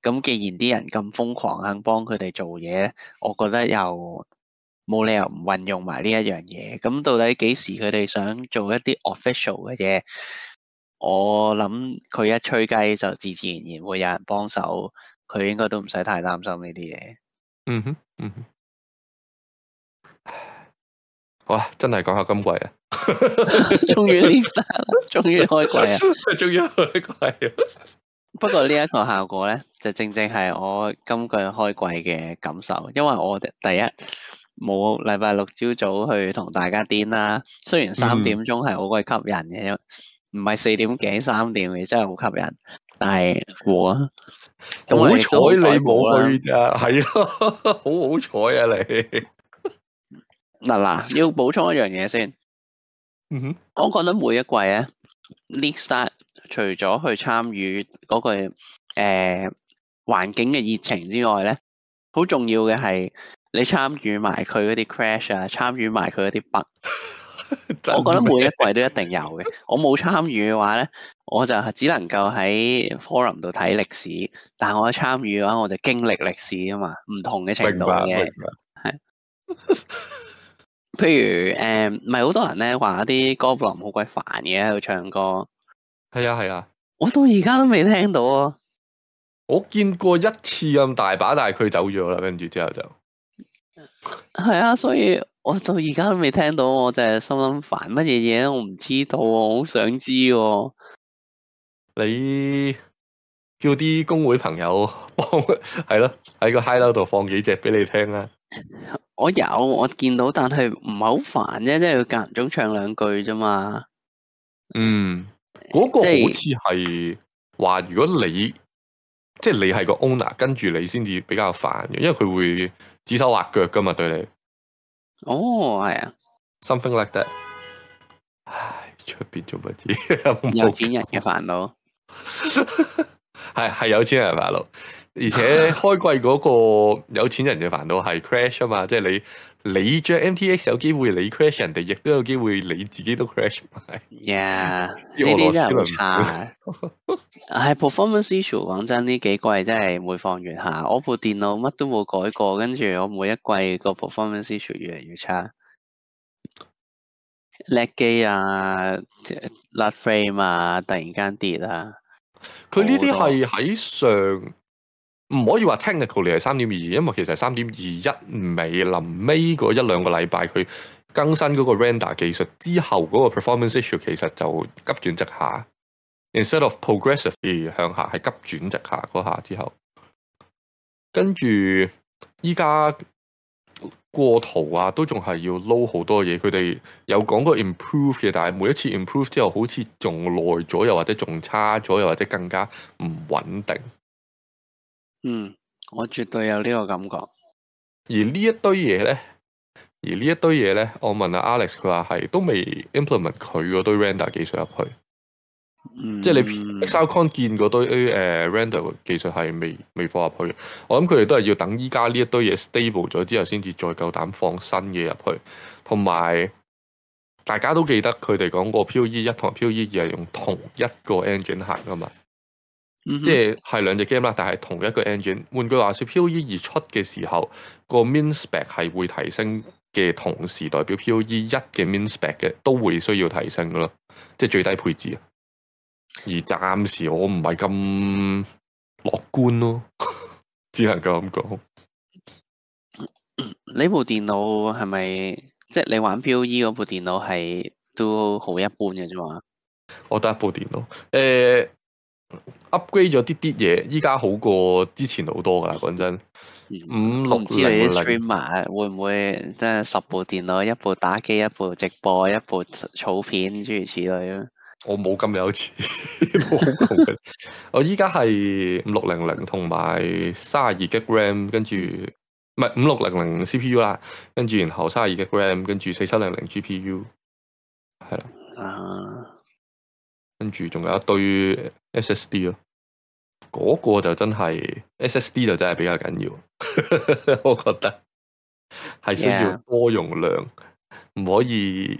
咁既然啲人咁瘋狂肯幫佢哋做嘢，我覺得又冇理由唔運用埋呢一樣嘢。咁到底幾時佢哋想做一啲 official 嘅嘢，我諗佢一吹雞就自自然然會有人幫手，佢應該都唔使太擔心呢啲嘢。嗯哼、mm，嗯、hmm. mm hmm. 哇！真係講下今季啊，終於 list 啦，終於開季啊，終於開季啊。不過呢一個效果咧，就正正係我今季開季嘅感受，因為我第一冇禮拜六朝早去同大家癲啦。雖然三點鐘係好鬼吸引嘅，唔係四點幾三點嘅，真係好吸引。但係我，我好彩你冇去咋，係啊，好好彩啊你。嗱嗱， 要補充一樣嘢先。嗯、哼，我覺得每一季咧，League start 除咗去參與嗰個誒環境嘅熱情之外咧，好重要嘅係你參與埋佢嗰啲 crash 啊，參與埋佢嗰啲 bug。 嗎我覺得每一季都一定有嘅。我冇參與嘅話咧，我就只能夠喺 forum 度睇歷史。但係我一參與嘅話，我就經歷歷史啊嘛，唔同嘅程度嘅係。是 譬如誒，唔係、嗯、好多人咧話啲哥布林好鬼煩嘅喺度唱歌。係啊係啊，啊我到而家都未聽到啊。我見過一次咁大把，但係佢走咗啦，跟住之後就係啊，所以我到而家都未聽到。我就係心諗煩乜嘢嘢我唔知道，我好想知。你。叫啲工會朋友幫佢係咯，喺 個 high 度放幾隻俾你聽啦。我有我見到，但係唔係好煩啫，即係間唔中唱兩句啫嘛。嗯，嗰、嗰個好似係話，如果你、即係、即係你係個 owner，跟住你先至比較煩嘅，因為佢會指手畫腳噶嘛，對你。哦，係啊，something like that。唉，出邊做乜嘢？ 有錢搞人嘅煩惱。 係係有錢人煩惱，而且開季嗰個有錢人嘅煩惱係 crash 啊嘛，即係 你你着 MTX 有機會你 crash 人哋，亦都有機會你自己都 crash 埋。yeah 呢啲真係唔差。係 performance issue，講真，呢幾季真係每況愈下，我部電腦乜都冇改過，跟住我每一季個 performance issue 越嚟越差。叻機啊，甩 frame 啊，突然間跌啊。佢呢啲係喺上，唔可以話 technical 嚟係三點二，因為其實三點二一尾臨尾嗰一兩個禮拜，佢更新嗰個 render 技術之後，嗰個 performance issue 其實就急轉直下，instead of progressively 向下，係急轉直下嗰下之後，跟住依家。過圖啊，都仲係要撈好多嘢。佢哋有講過 improve 嘅，但係每一次 improve 之後，好似仲耐咗，又或者仲差咗，又或者更加唔穩定。嗯，我絕對有呢個感覺。而呢一堆嘢呢？而呢一堆嘢呢？我問阿、啊、Alex，佢話係都未 implement 佢嗰堆 render 技術入去。嗯、即係你 ExileCon 見嗰堆誒 render 技術係未未放入去，去，我諗佢哋都係要等依家呢一堆嘢 stable 咗之後，先至再夠膽放新嘢入去。同埋，大家都記得佢哋講過 POE 一同 POE 二係用同一個 engine 行噶嘛？嗯、哼即係係兩隻 game 啦，但係同一個 engine。換句話說 POE 二出嘅時候，個 min spec 係會提升嘅，同時代表 POE 一嘅 min spec 嘅都會需要提升噶啦，即係最低配置啊。而暫時我唔係咁樂觀咯，只能咁講。你部電腦係咪即係你玩 POE 嗰部電腦係都好一般嘅啫嘛？我得一部電腦，誒，upgrade 咗啲啲嘢，依家好過之前好多噶啦。講真，我唔知你啲 streamer 會唔、er、會即係十部電腦，一部打機，一部直播，一部草片，諸如此類啦。 我冇咁有錢，冇好窮嘅。 我依家係五六零零同埋三十二 G RAM，跟住唔係五六零零 C P U 啦，跟住然後三十二 G RAM，跟住四七零零 G P U，係啦，跟住仲有一堆 S S D 咯。嗰個就真係 S S D 就真係比較緊要， 我覺得係需要多容量，唔可以。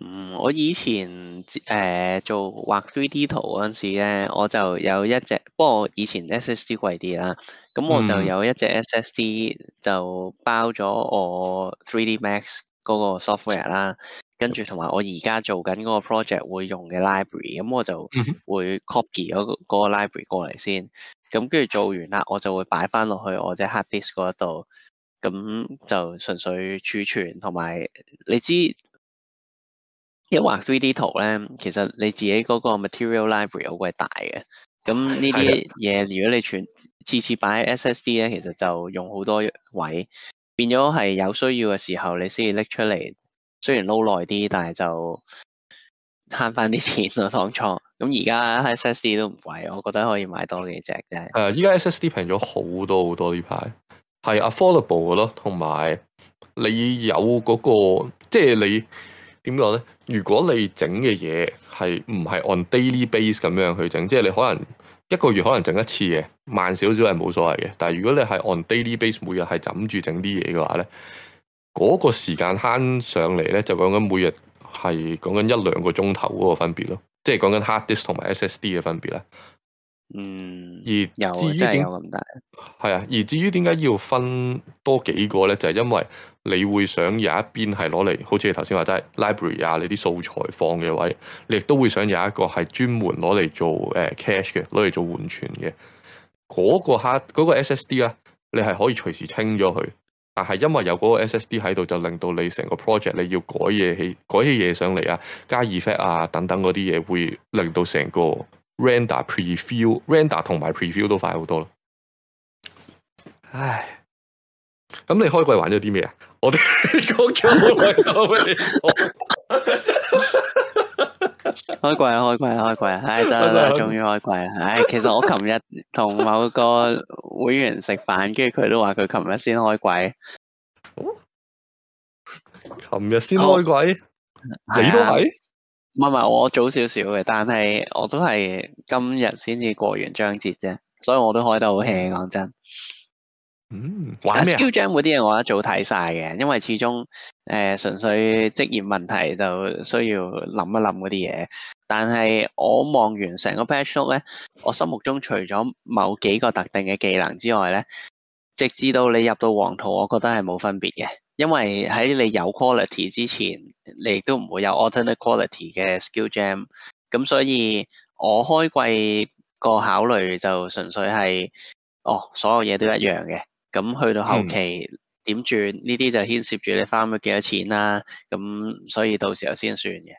嗯，我以前誒、呃、做畫 3D 圖嗰陣時咧，我就有一隻，不過以前 SSD 貴啲啦，咁我就有一隻 SSD 就包咗我 3D Max 嗰個 software 啦，跟住同埋我而家做緊嗰個 project 會用嘅 library，咁我就會 copy 嗰個 library 過嚟先，咁跟住做完啦，我就會擺翻落去我隻 hard disk 嗰度，咁就純粹儲存，同埋你知。一畫 3D 圖咧，其實你自己嗰個 material library 好鬼大嘅。咁呢啲嘢，如果你存次次擺喺 SSD 咧，其實就用好多位，變咗係有需要嘅時候你先至拎出嚟。雖然撈耐啲，但係就慳翻啲錢咯，啊。當初咁而家喺 SSD 都唔貴，我覺得可以買多幾隻嘅。誒，而家 SSD 平咗好多好多呢排，係 affordable 咯，同埋你有嗰、那個即係、就是、你。點講呢？如果你整嘅嘢係唔係按 daily base 咁樣去整，即係你可能一個月可能整一次嘅，慢少少係冇所謂嘅。但係如果你係按 daily base，每日係枕住整啲嘢嘅話呢，嗰、嗰個時間慳上嚟呢，就講緊每日係講緊一兩個鐘頭嗰個分別咯。即係講緊 hard disk 同埋 SSD 嘅分別咧。嗯，而至於點，係啊，而至於點解要分多幾個呢？就係、是、因為你會想有一邊係攞嚟，好似你頭先話齋 library 啊，你啲素材放嘅位，你亦都會想有一個係專門攞嚟做誒、呃、cache 嘅，攞嚟做緩存嘅。嗰個卡嗰個 SSD 咧、啊，你係可以隨時清咗佢，但係因為有嗰個 SSD 喺度，就令到你成個 project 你要改嘢起，改起嘢上嚟啊，加 effect 啊等等嗰啲嘢，會令到成個。Render Preview，Render 同埋 Preview 都快好多咯。 唉，咁你開季玩咗啲咩啊？我哋開季開季開季，唉得啦，終於開季啦！唉，其實我琴日同某個會員食飯，跟住佢都話佢琴日先開季。琴日先開季，哦，你都係？唔係唔係我早少少嘅，但係我都係今日先至過完章節啫，所以我都開得好 hea，講真。嗯，玩咩啊？Skill Gem 嗰啲嘢我一早睇晒嘅，因為始終誒純粹職業問題就需要諗一諗嗰啲嘢。但係我望完成個 patchbook 咧，我心目中除咗某幾個特定嘅技能之外咧，直至到你入到黃圖，我覺得係冇分別嘅。因為喺你有 quality 之前，你亦都唔會有 alternative quality 嘅 skill jam。咁所以我開季個考慮就純粹係哦，所有嘢都一樣嘅。咁去到後期點、嗯、轉呢啲就牽涉住你花咗幾多錢啦、啊。咁所以到時候先算嘅。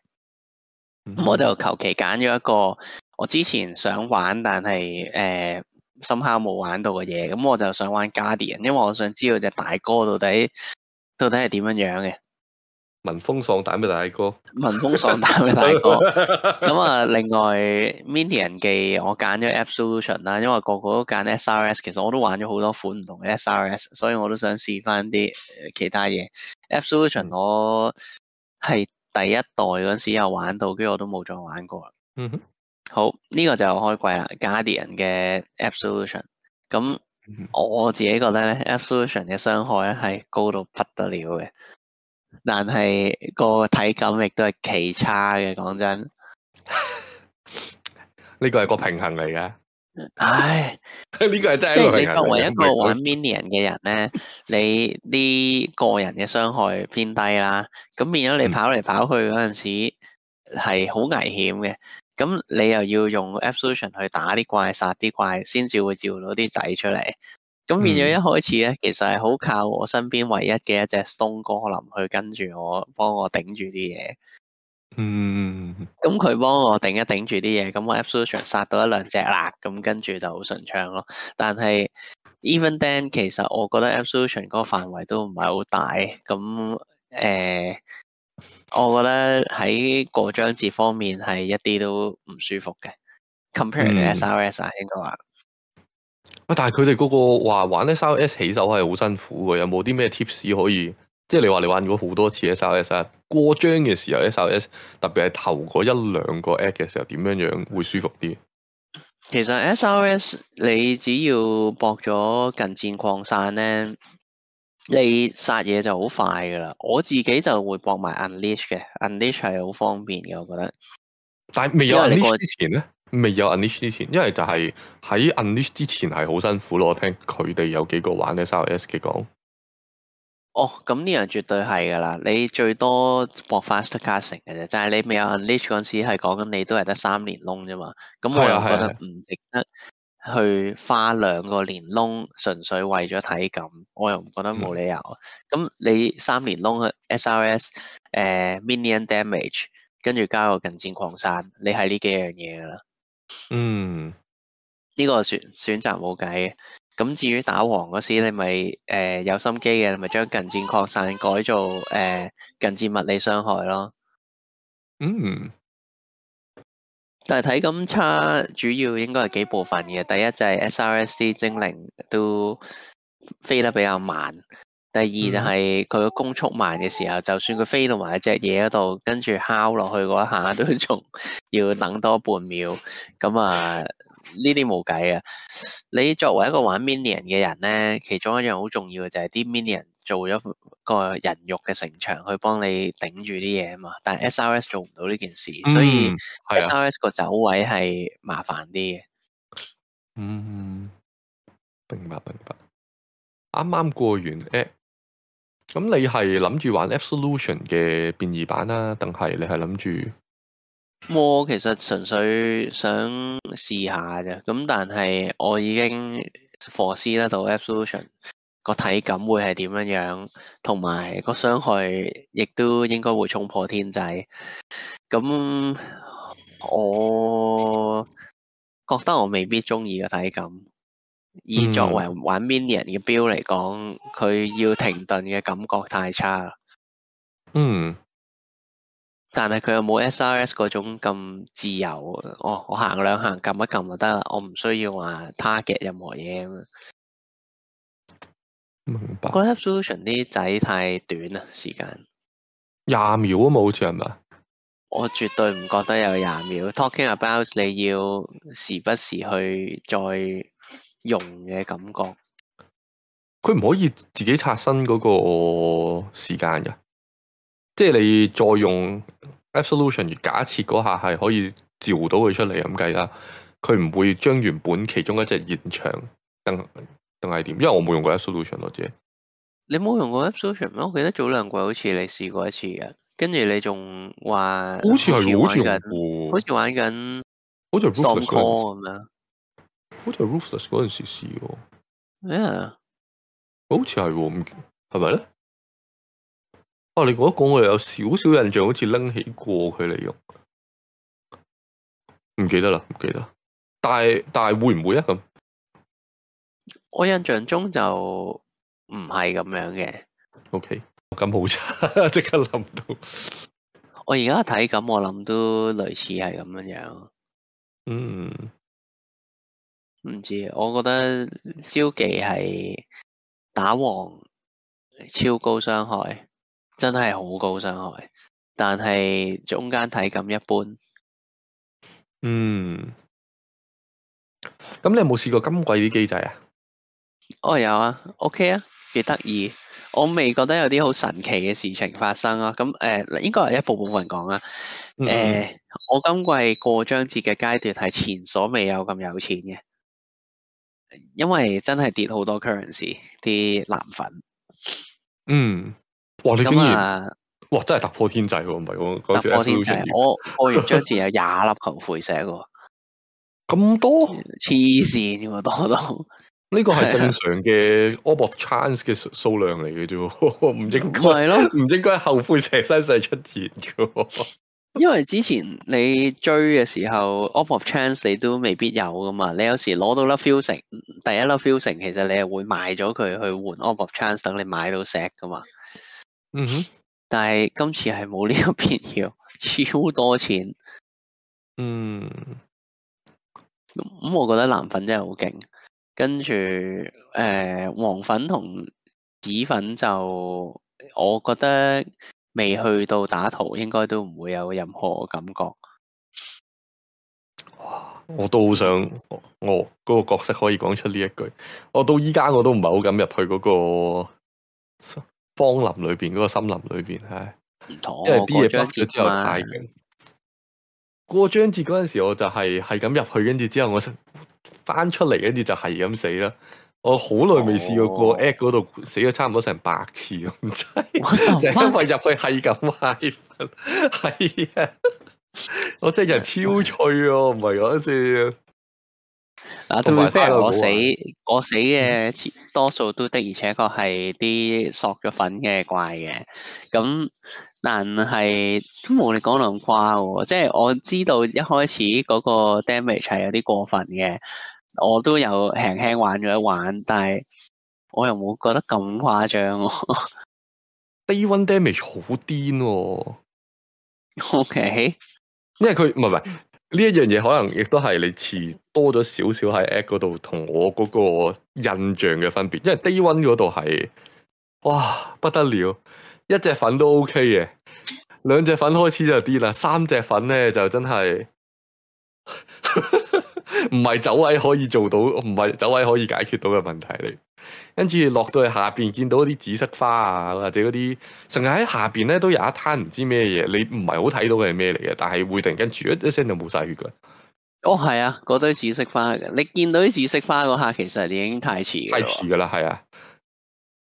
嗯、我就求其揀咗一個我之前想玩但係誒，深刻冇玩到嘅嘢。咁我就想玩 Guardian，因為我想知道隻大哥到底。到底係點樣樣嘅？聞風喪膽嘅大哥，聞風喪膽嘅大哥。咁啊，另外 Minion 嘅我揀咗 Absolution 啦，因為個個都揀 SRS，其實我都玩咗好多款唔同嘅 SRS，所以我都想試翻啲其他嘢。Absolution 我係第一代嗰時有玩到，跟住我都冇再玩過啦。嗯哼，好呢、這個就開季啦，Guardian 嘅 Absolution。咁我自己覺得咧，absolution 嘅傷害咧係高到不得了嘅，但係個體感亦都係奇差嘅，講真。呢個係個平衡嚟嘅。唉，呢個係真。即係你作為一個玩 m i n i 人嘅人咧， 你啲個人嘅傷害偏低啦，咁變咗你跑嚟跑去嗰陣時係好危險嘅。咁你又要用 absolution 去打啲怪殺啲怪，先至會召到啲仔出嚟。咁變咗一開始咧，嗯、其實係好靠我身邊唯一嘅一隻東哥林去跟住我，幫我頂住啲嘢。嗯。咁佢幫我頂一頂住啲嘢，咁我 absolution 殺到一兩隻啦，咁跟住就好順暢咯。但係 even then，其實我覺得 absolution 嗰個範圍都唔係好大。咁誒。呃我覺得喺過張節方面係一啲都唔舒服嘅，compare S R S 啊、嗯， 應該話。啊、那個，但係佢哋嗰個話玩 S R S 起手係好辛苦嘅，有冇啲咩 tips 可以？即係你話你玩咗好多次 S R S，啊，過張嘅時候 S R S，特別係頭嗰一兩個 app 嘅時候，點樣樣會舒服啲？其實 S R S 你只要博咗近戰擴散咧。你殺嘢就好快噶啦，我自己就會博埋 unleash 嘅，unleash 係好方便嘅，我覺得是。但係未有 unleash 之前咧，那個、未有 unleash 之前，因為就係喺 unleash 之前係好辛苦咯。我聽佢哋有幾個玩嘅 SRS 嘅講。哦，咁呢樣絕對係噶啦，你最多博 fast casting 嘅啫，就係、是、你未有 unleash 嗰陣時係講緊你都係得三年窿啫嘛，咁我又覺得唔值得。去花兩個連窿，純粹為咗睇咁我又唔覺得冇理由。咁、嗯、你三連窿啊，SRS 誒、呃、，Minion Damage，跟住加個近戰擴散，你係呢幾樣嘢噶啦。嗯，呢個選選擇冇計咁至於打王嗰時，你咪誒、呃、有心機嘅，你咪將近戰擴散改做誒、呃、近戰物理傷害咯。嗯。但係體感差，主要應該係幾部分嘅。第一就係 S R S D 精靈都飛得比較慢，第二就係佢嘅攻速慢嘅時候，嗯、就算佢飛到埋一隻嘢嗰度，跟住敲落去嗰一下都仲要等多半秒。咁啊，呢啲冇計啊。你作為一個玩 Minion 嘅人咧，其中一樣好重要嘅就係啲 Minion。做咗個人肉嘅城牆去幫你頂住啲嘢啊嘛。但係、嗯、SRS 做唔到呢件事，所以、啊、SRS 個走位係麻煩啲嘅。嗯，明白明白。啱啱過完誒，咁你係諗住玩 Absolution 嘅變異版啦，定係你係諗住？我其實純粹想試下啫，咁但係我已經火師得到 Absolution 個體感會係點樣樣，同埋個傷害亦都應該會衝破天際。咁我覺得我未必中意個體感，以作為玩 minion 嘅標嚟講，佢要停頓嘅感覺太差。嗯，但係佢又冇 SRS 嗰種咁自由。哦，我走兩走按一按行兩行撳一撳就得啦，我唔需要話 target 任何嘢咁啊。明白。嗰個 absolution 啲仔太短啦，時間廿秒啊嘛，好似係咪？我絕對唔覺得有廿秒。Talking about 你要時不時去再用嘅感覺，佢唔可以自己刷新嗰個時間噶即係你再用 absolution，假設嗰下係可以召到佢出嚟咁計啦，佢唔會將原本其中一隻延長登。定係點？因為我冇用過 Absolution，或者你冇用過 Absolution 咩？我記得早兩季好似你試過一次嘅，跟住你仲話好似係好，緊着，好似玩緊，好似 Ruthless 咁樣，好似 Ruthless 嗰陣時試哦。咩啊？好似係，唔係咪咧？哦，你講一講，我又有少少印象，好似拎起過佢嚟用，唔記得啦，唔記得。但係但係會唔會啊？咁？我印象中就唔係咁樣嘅。OK，咁好差，即刻諗到。我而家睇咁，我諗都類似係咁樣樣。嗯，唔知。我覺得肖技係打王超高傷害，真係好高傷害。但係中間睇咁一般。嗯。咁你有冇試過今季啲機制啊？哦，有啊，OK 啊，幾得意。我未覺得有啲好神奇嘅事情發生啊。咁誒、呃，應該係一部分人講講誒，呃、嗯嗯我今季過章節嘅階段係前所未有咁有錢嘅，因為真係跌好多 currency，啲藍粉。嗯，哇！你竟然、嗯、哇，真係突破天際喎、啊！唔係、啊啊、突破天際，啊、我我過完章節有廿粒後悔石喎。咁 多？黐線添，多到～呢個係正常嘅 op of chance 嘅數量嚟嘅啫，唔應該唔 應該後悔石山勢出錢嘅。呵呵因為之前你追嘅時候，op of chance 你都未必有噶嘛。你有時攞到粒 fusion，第一粒 fusion 其實你係會賣咗佢去換 op of chance，等你買到石噶嘛。嗯哼。但係今次係冇呢個必要，超多錢。嗯。咁咁，我覺得男粉真係好勁。跟住，誒、呃，黃粉同紫粉就，我覺得未去到打圖，應該都唔會有任何感覺。哇！我都好想我嗰個角色可以講出呢一句。我到依家我都唔係好敢入去嗰個荒林裏邊嗰個森林裏邊，係，錯因為啲嘢崩咗之後太勁。過，過章節嗰陣時，我就係係咁入去，跟住之後我，翻出嚟，跟住就係咁死啦！我好耐未試過過 Act 嗰度死咗差唔多成百次咯，就係因為入去係咁麻煩，係啊！ 我真係人超脆啊，唔係講笑。啊，都會我死、嗯、我死嘅，多數都的，而且確係啲索咗粉嘅怪嘅。咁但係都冇你講咁誇，即係我知道一開始嗰個 damage 係有啲過分嘅，我都有輕輕玩咗一玩，但係我又冇覺得咁誇張。Day 1 damage 好癲喎、啊。OK，因為佢唔係唔係。呢一樣嘢可能亦都係你遲多咗少少喺 App 嗰度同我嗰個印象嘅分別，因為 Day One 嗰度係哇不得了，一隻粉都 OK 嘅，兩隻粉開始就癲啦，三隻粉咧就真係唔係走位可以做到，唔係走位可以解決到嘅問題嚟。跟住落到去下邊，見到啲紫色花啊，或者嗰啲，成日喺下邊咧都有一攤唔知咩嘢，你唔係好睇到佢係咩嚟嘅，但係會突然間一一聲就冇晒血噶哦，係啊，嗰堆紫色花，你見到啲紫色花嗰下，其實你已經太遲。太遲噶啦，係啊，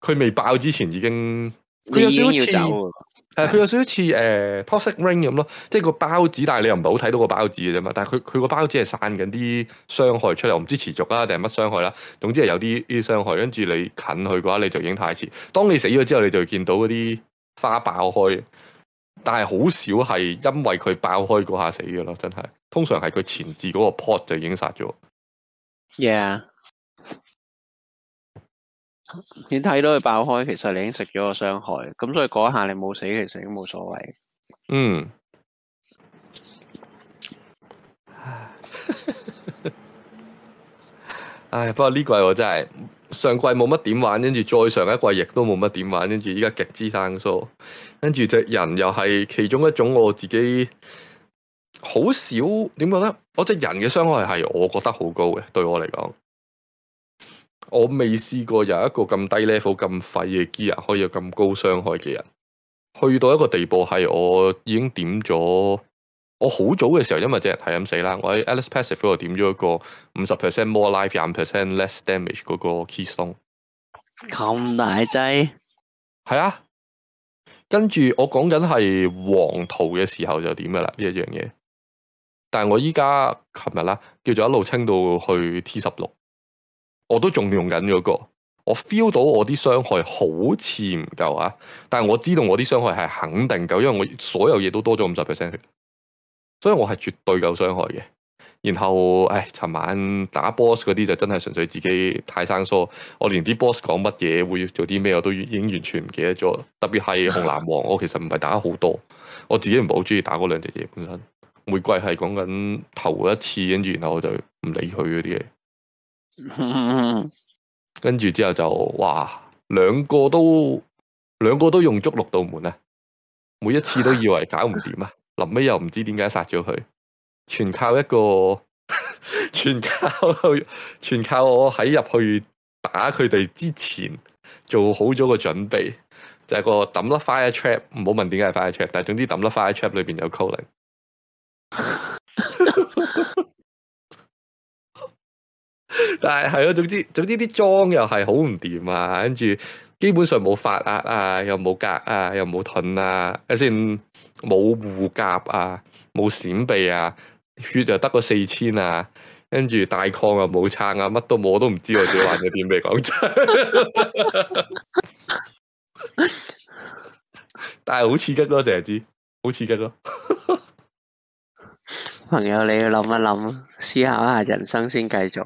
佢未爆之前已經，佢已經要走。係佢 有少少似誒、呃、，Toxic Ring 咁咯，即係個包子，但係你又唔係好睇到個包子嘅啫嘛。但係佢佢個包子係散緊啲傷害出嚟，我唔知持續啦定係乜傷害啦。總之係有啲啲傷害，跟住你近去嘅話，你就已經太遲。當你死咗之後，你就會見到嗰啲花爆開，但係好少係因為佢爆開嗰下死嘅咯，真係。通常係佢前置嗰個 pod 就已經殺咗。Yeah. 你睇到佢爆開，其實你已經食咗個傷害，咁所以嗰一下你冇死，其實已經冇所謂。嗯。 唉，不過呢季我真係上季冇乜點玩，跟住再上一季亦都冇乜點玩，跟住依家極之生疏，跟住隻人又係其中一種我自己好少點講呢，我隻人嘅傷害係我覺得好高嘅，對我嚟講。我未試過有一個咁低 level、咁廢嘅 gear 啊，可以有咁高傷害嘅人去到一個地步係我已經點咗我好早嘅時候，因為隻人係咁死啦，我喺 Alice passive 嗰度點咗一個五十 percent more life、廿 percent less damage 嗰個 keystone 咁大劑，係啊，跟住我講緊係黃圖嘅時候就點噶啦呢一樣嘢，但係我依家琴日啦，叫做一路清到去 T 十六。我都仲用緊嗰個，我 feel 到我啲傷害好似唔夠啊，但係我知道我啲傷害係肯定夠，因為我所有嘢都多咗五十 percent 血，所以我係絕對夠傷害嘅。然後，唉，尋晚打 boss 嗰啲就真係純粹自己太生疏，我連啲 boss 講乜嘢、會做啲咩，我都已經完全唔記得咗。特別係紅藍王，我其實唔係打好多，我自己唔係好中意打嗰兩隻嘢本身。每季係講緊頭一次，跟住然後我就唔理佢嗰啲嘢。跟住之後就哇，兩個都兩個都用足六道門咧，每一次都以為搞唔掂啊，臨尾又唔知點解殺咗佢，全靠一個，全靠全靠我喺入去打佢哋之前做好咗個準備，就係、是、個抌甩 fire trap，唔好問點解係 fire trap，但係總之抌甩 fire trap 裏邊有 culling。但係係咯，總之總之啲裝又係好唔掂啊，跟住基本上冇法壓啊，又冇格啊，又冇盾啊，就算冇護甲啊，冇閃避啊，血就得個四千啊，跟住大抗又冇撐啊，乜都冇，我都唔知我自己玩嘅點咩講真，但係好刺激咯，淨係知好刺激咯， 朋友你要諗一諗，思考一下人生先繼續。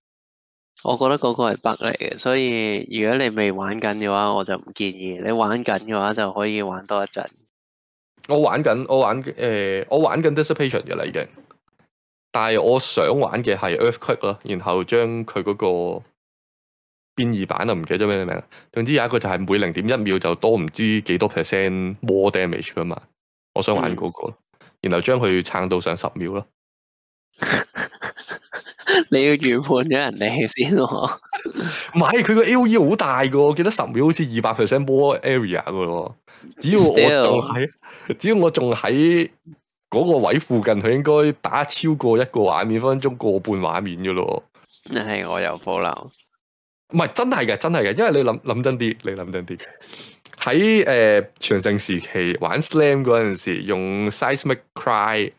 我覺得嗰個係 bug 嚟嘅，所以如果你未玩緊嘅話，我就唔建議；你玩緊嘅話就可以玩多一陣。我玩緊、呃，我玩誒，我玩緊 dissipation 嘅啦已經，但係我想玩嘅係 earthquake 咯，然後將佢嗰個變異版啊，唔記得咗咩名，總之有一個就係每零點一秒就多唔知幾多 percent more damage 噶嘛，我想玩嗰、嗰個，嗯、然後將佢撐到上十秒咯。 你要預判咗人哋先喎、哦， 唔係佢個 AOE 好大噶，我記得十秒好似二百 percent more area 噶咯。只要我仲喺，只要我仲喺嗰個位附近，佢應該打超過一個畫面，分分鐘過半畫面噶咯。但係我又保留，唔係真係嘅，真係嘅，因為你諗諗真啲，你諗真啲。喺誒，全、呃、盛時期玩 Slam 嗰陣時，用 Seismic Cry，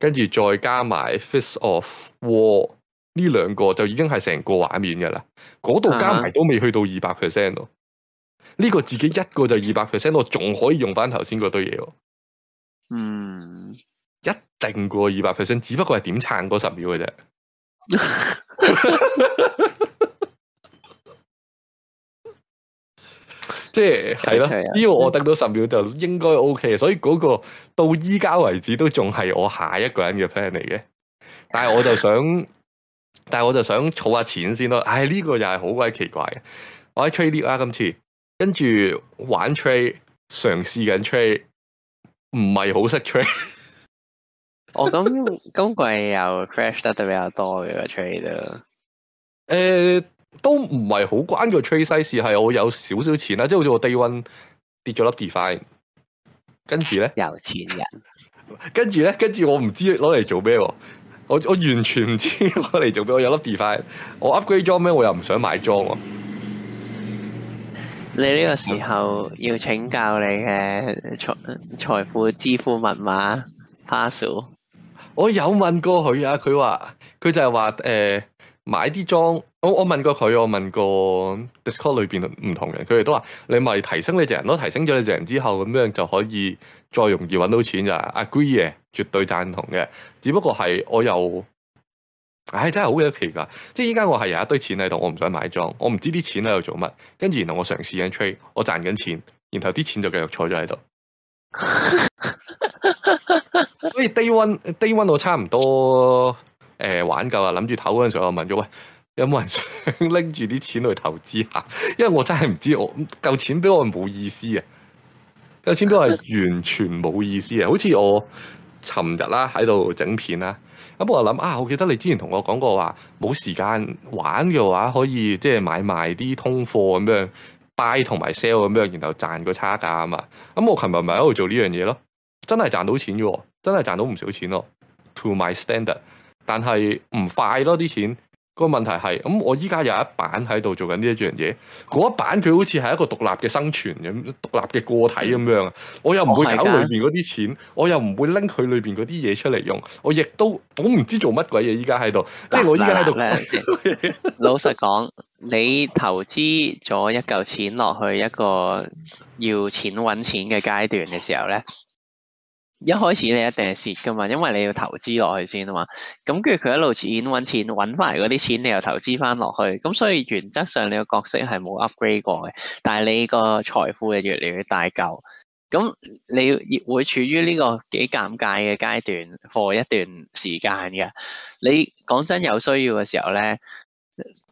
跟住再加埋 Fist of War 呢兩個就已經係成個畫面嘅啦，嗰度，啊、加埋都未去到二百 percent 咯。呢、呢個自己一個就二百 percent，我仲可以用翻頭先嗰堆嘢喎。嗯，一定過二百 percent，只不過係點撐嗰十秒嘅啫。即係咯，呢、啊、個我得到十秒就應該 OK，所以嗰、嗰個到依家為止都仲係我下一個人嘅 plan 嚟嘅。但係我就想。 但係我就想儲下錢先咯，唉、哎、呢、這個又係好鬼奇怪嘅。我喺 trade league 啊，今次跟住玩 trade，嘗試緊 trade，唔係好識 trade、 哦。我今今季又 crash 得得比較多嘅 trade 咯。誒、 呃，都唔係好關個 trade 西事，係我有少少錢啦，即係好似我 day one, 跌咗粒 define 跟住咧有錢人，跟住咧跟住我唔知攞嚟做咩、啊。我我完全唔知我嚟做咩， 我有粒 Divine 我 upgrade 裝咩，我又唔想買裝喎。你呢個時候要請教你嘅財財富支付密碼 pass code，我有問過佢啊，佢話佢就係話誒買啲裝。我我問過佢，我問過 Discord 裏邊唔同人，佢哋都話你咪提升你隻人咯，都提升咗你隻人之後，咁樣就可以再容易搵到錢，就係 agree 嘅，絕對贊同嘅。只不過係我又，唉、哎，真係好有奇怪。即係依家我係有一堆錢喺度，我唔想買裝，我唔知啲錢喺度做乜。跟住然後我嘗試緊 trade，我賺緊錢，然後啲錢就繼續坐咗喺度。 所以 day one day one 我差唔多誒、呃、玩夠啦，諗住唞嗰陣時候，我問咗喂，有冇人想拎住啲錢去投資下？因為我真係唔知，我夠錢俾我係冇意思啊！夠錢俾我係完全冇意思啊！好似我尋日啦喺度整片啦，咁我諗啊，我記得你之前同我講過話，冇時間玩嘅話，可以即係買賣啲通貨咁樣 buy 同埋 sell 咁樣，然後賺個差價啊嘛。咁我琴日咪喺度做呢樣嘢咯，真係賺到錢嘅喎，真係賺到唔少錢咯。To my standard，但係唔快咯啲錢。個問題係，咁我依家有一版喺度做緊呢一樣嘢，嗰版佢好似係一個獨立嘅生存咁，獨立嘅個體咁樣啊。我又唔會搞裏邊嗰啲錢，的我又唔會拎佢裏邊嗰啲嘢出嚟用，我亦都我唔知做乜鬼嘢依家喺度。即係 我依家喺度。老實講，你投資咗一嚿錢落去一個要錢揾錢嘅階段嘅時候咧。一開始你一定係蝕噶嘛，因為你要投資落去先啊嘛，咁跟住佢一路錢搵錢搵翻嚟，嗰啲錢，錢你又投資翻落去，咁所以原則上你個角色係冇 upgrade 過嘅，但係你個財富係越嚟越大舊，咁你會處於呢個幾尷尬嘅階段，過一段時間嘅，你講真有需要嘅時候咧。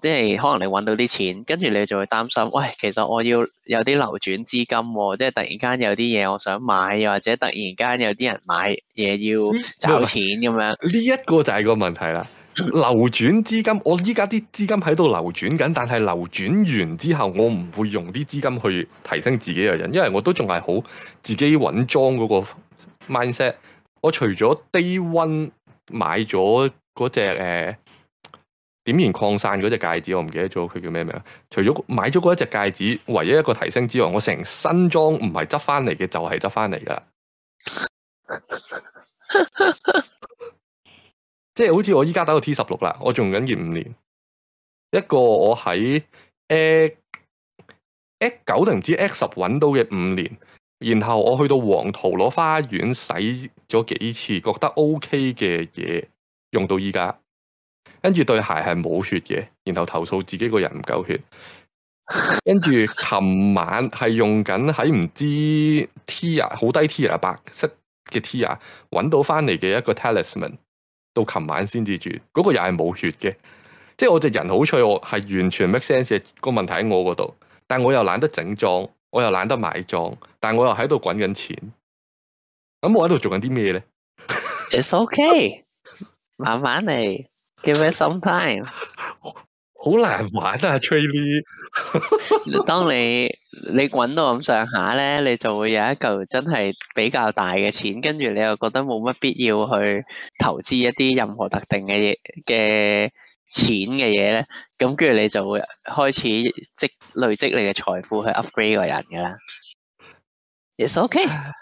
即係可能你搵到啲錢，跟住你就會擔心，喂，其實我要有啲流轉資金，哦，即係突然間有啲嘢我想買，又或者突然間有啲人買嘢要找錢咁樣。呢一個就係個問題啦。流轉資金，我依家啲資金喺度流轉緊，但係流轉完之後，我唔會用啲資金去提升自己嘅人，因為我都仲係好自己搵裝嗰個 mindset。我除咗 day one 買咗嗰隻誒。呃點完擴散嗰隻戒指，我唔記得咗佢叫咩名字。除咗買咗嗰一隻戒指，唯一一個提升之外，我成新裝唔係執翻嚟嘅，就係執翻嚟噶。 即係好似我依家打到 T 十六啦，我仲緊件五年，一個我喺 X X 九定唔知 X 十揾到嘅五年，然後我去到黃圖攞花園洗咗幾次，覺得 OK 嘅嘢用到依家。跟住對鞋係冇血嘅，然後投訴自己個人唔夠血。跟住琴晚係用緊喺唔知道 T 啊，好低 T 啊，白色嘅 T 啊，揾到翻嚟嘅一個 talisman，到琴晚先至住。嗰個又係冇血嘅，即係我隻人好脆，我係完全 make sense 嘅，個問題喺我嗰度。但我又懶得整裝，我又懶得買裝，但我又喺度滾緊錢。咁我喺度做緊啲咩呢？It's okay, 慢慢嚟。叫咩？Sometime 好難玩啊，吹咩？當你你滾到咁上下咧，你就會有一嚿真係比較大嘅錢，跟住你又覺得冇乜必要去投資一啲任何特定嘅嘅錢嘅嘢咧，咁跟住你就會開始積累積你嘅財富去 upgrade 個人㗎啦。Yes，OK, okay.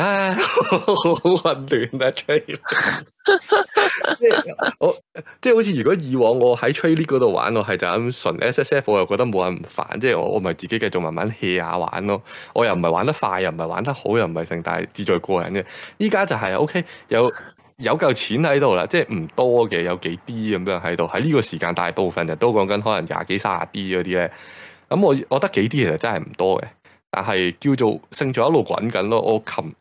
啊，好混亂啊 trade 即係我即係、就是、好似如果以往我喺 trade 嗰度玩，我係就咁純 SSF，我又覺得冇人唔煩，即、就、係、是、我我咪自己繼續慢慢 hea 下玩咯。我又唔係玩得快，又唔係玩得好，又唔係成大志在過人嘅。依家就係、是、OK，有有夠錢喺度啦，即係唔多嘅，有幾啲咁樣喺度。喺呢個時間，大部分就都講緊可能廿幾、卅 D 嗰啲咧。咁我我得幾啲其實真係唔多嘅，但係叫做勝在一路滾緊咯。我琴。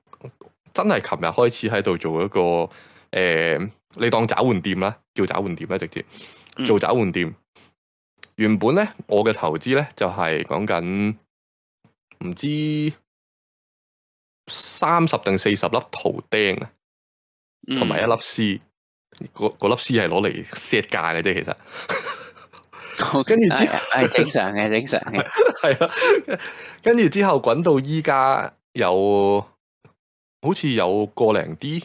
真係琴日開始喺度做一個誒、呃，你當係找換店啦，叫找換店啦，直接做找換店。嗯、原本咧，我嘅投資咧就係講緊唔知三十定四十粒圖釘啊，同埋一粒絲、嗯，嗰粒絲係攞嚟 set 價嘅啫，其實。 okay, 跟住之後係正常嘅，正常嘅，係啦、 啊。跟住之後滾到依家有。好似有個零啲，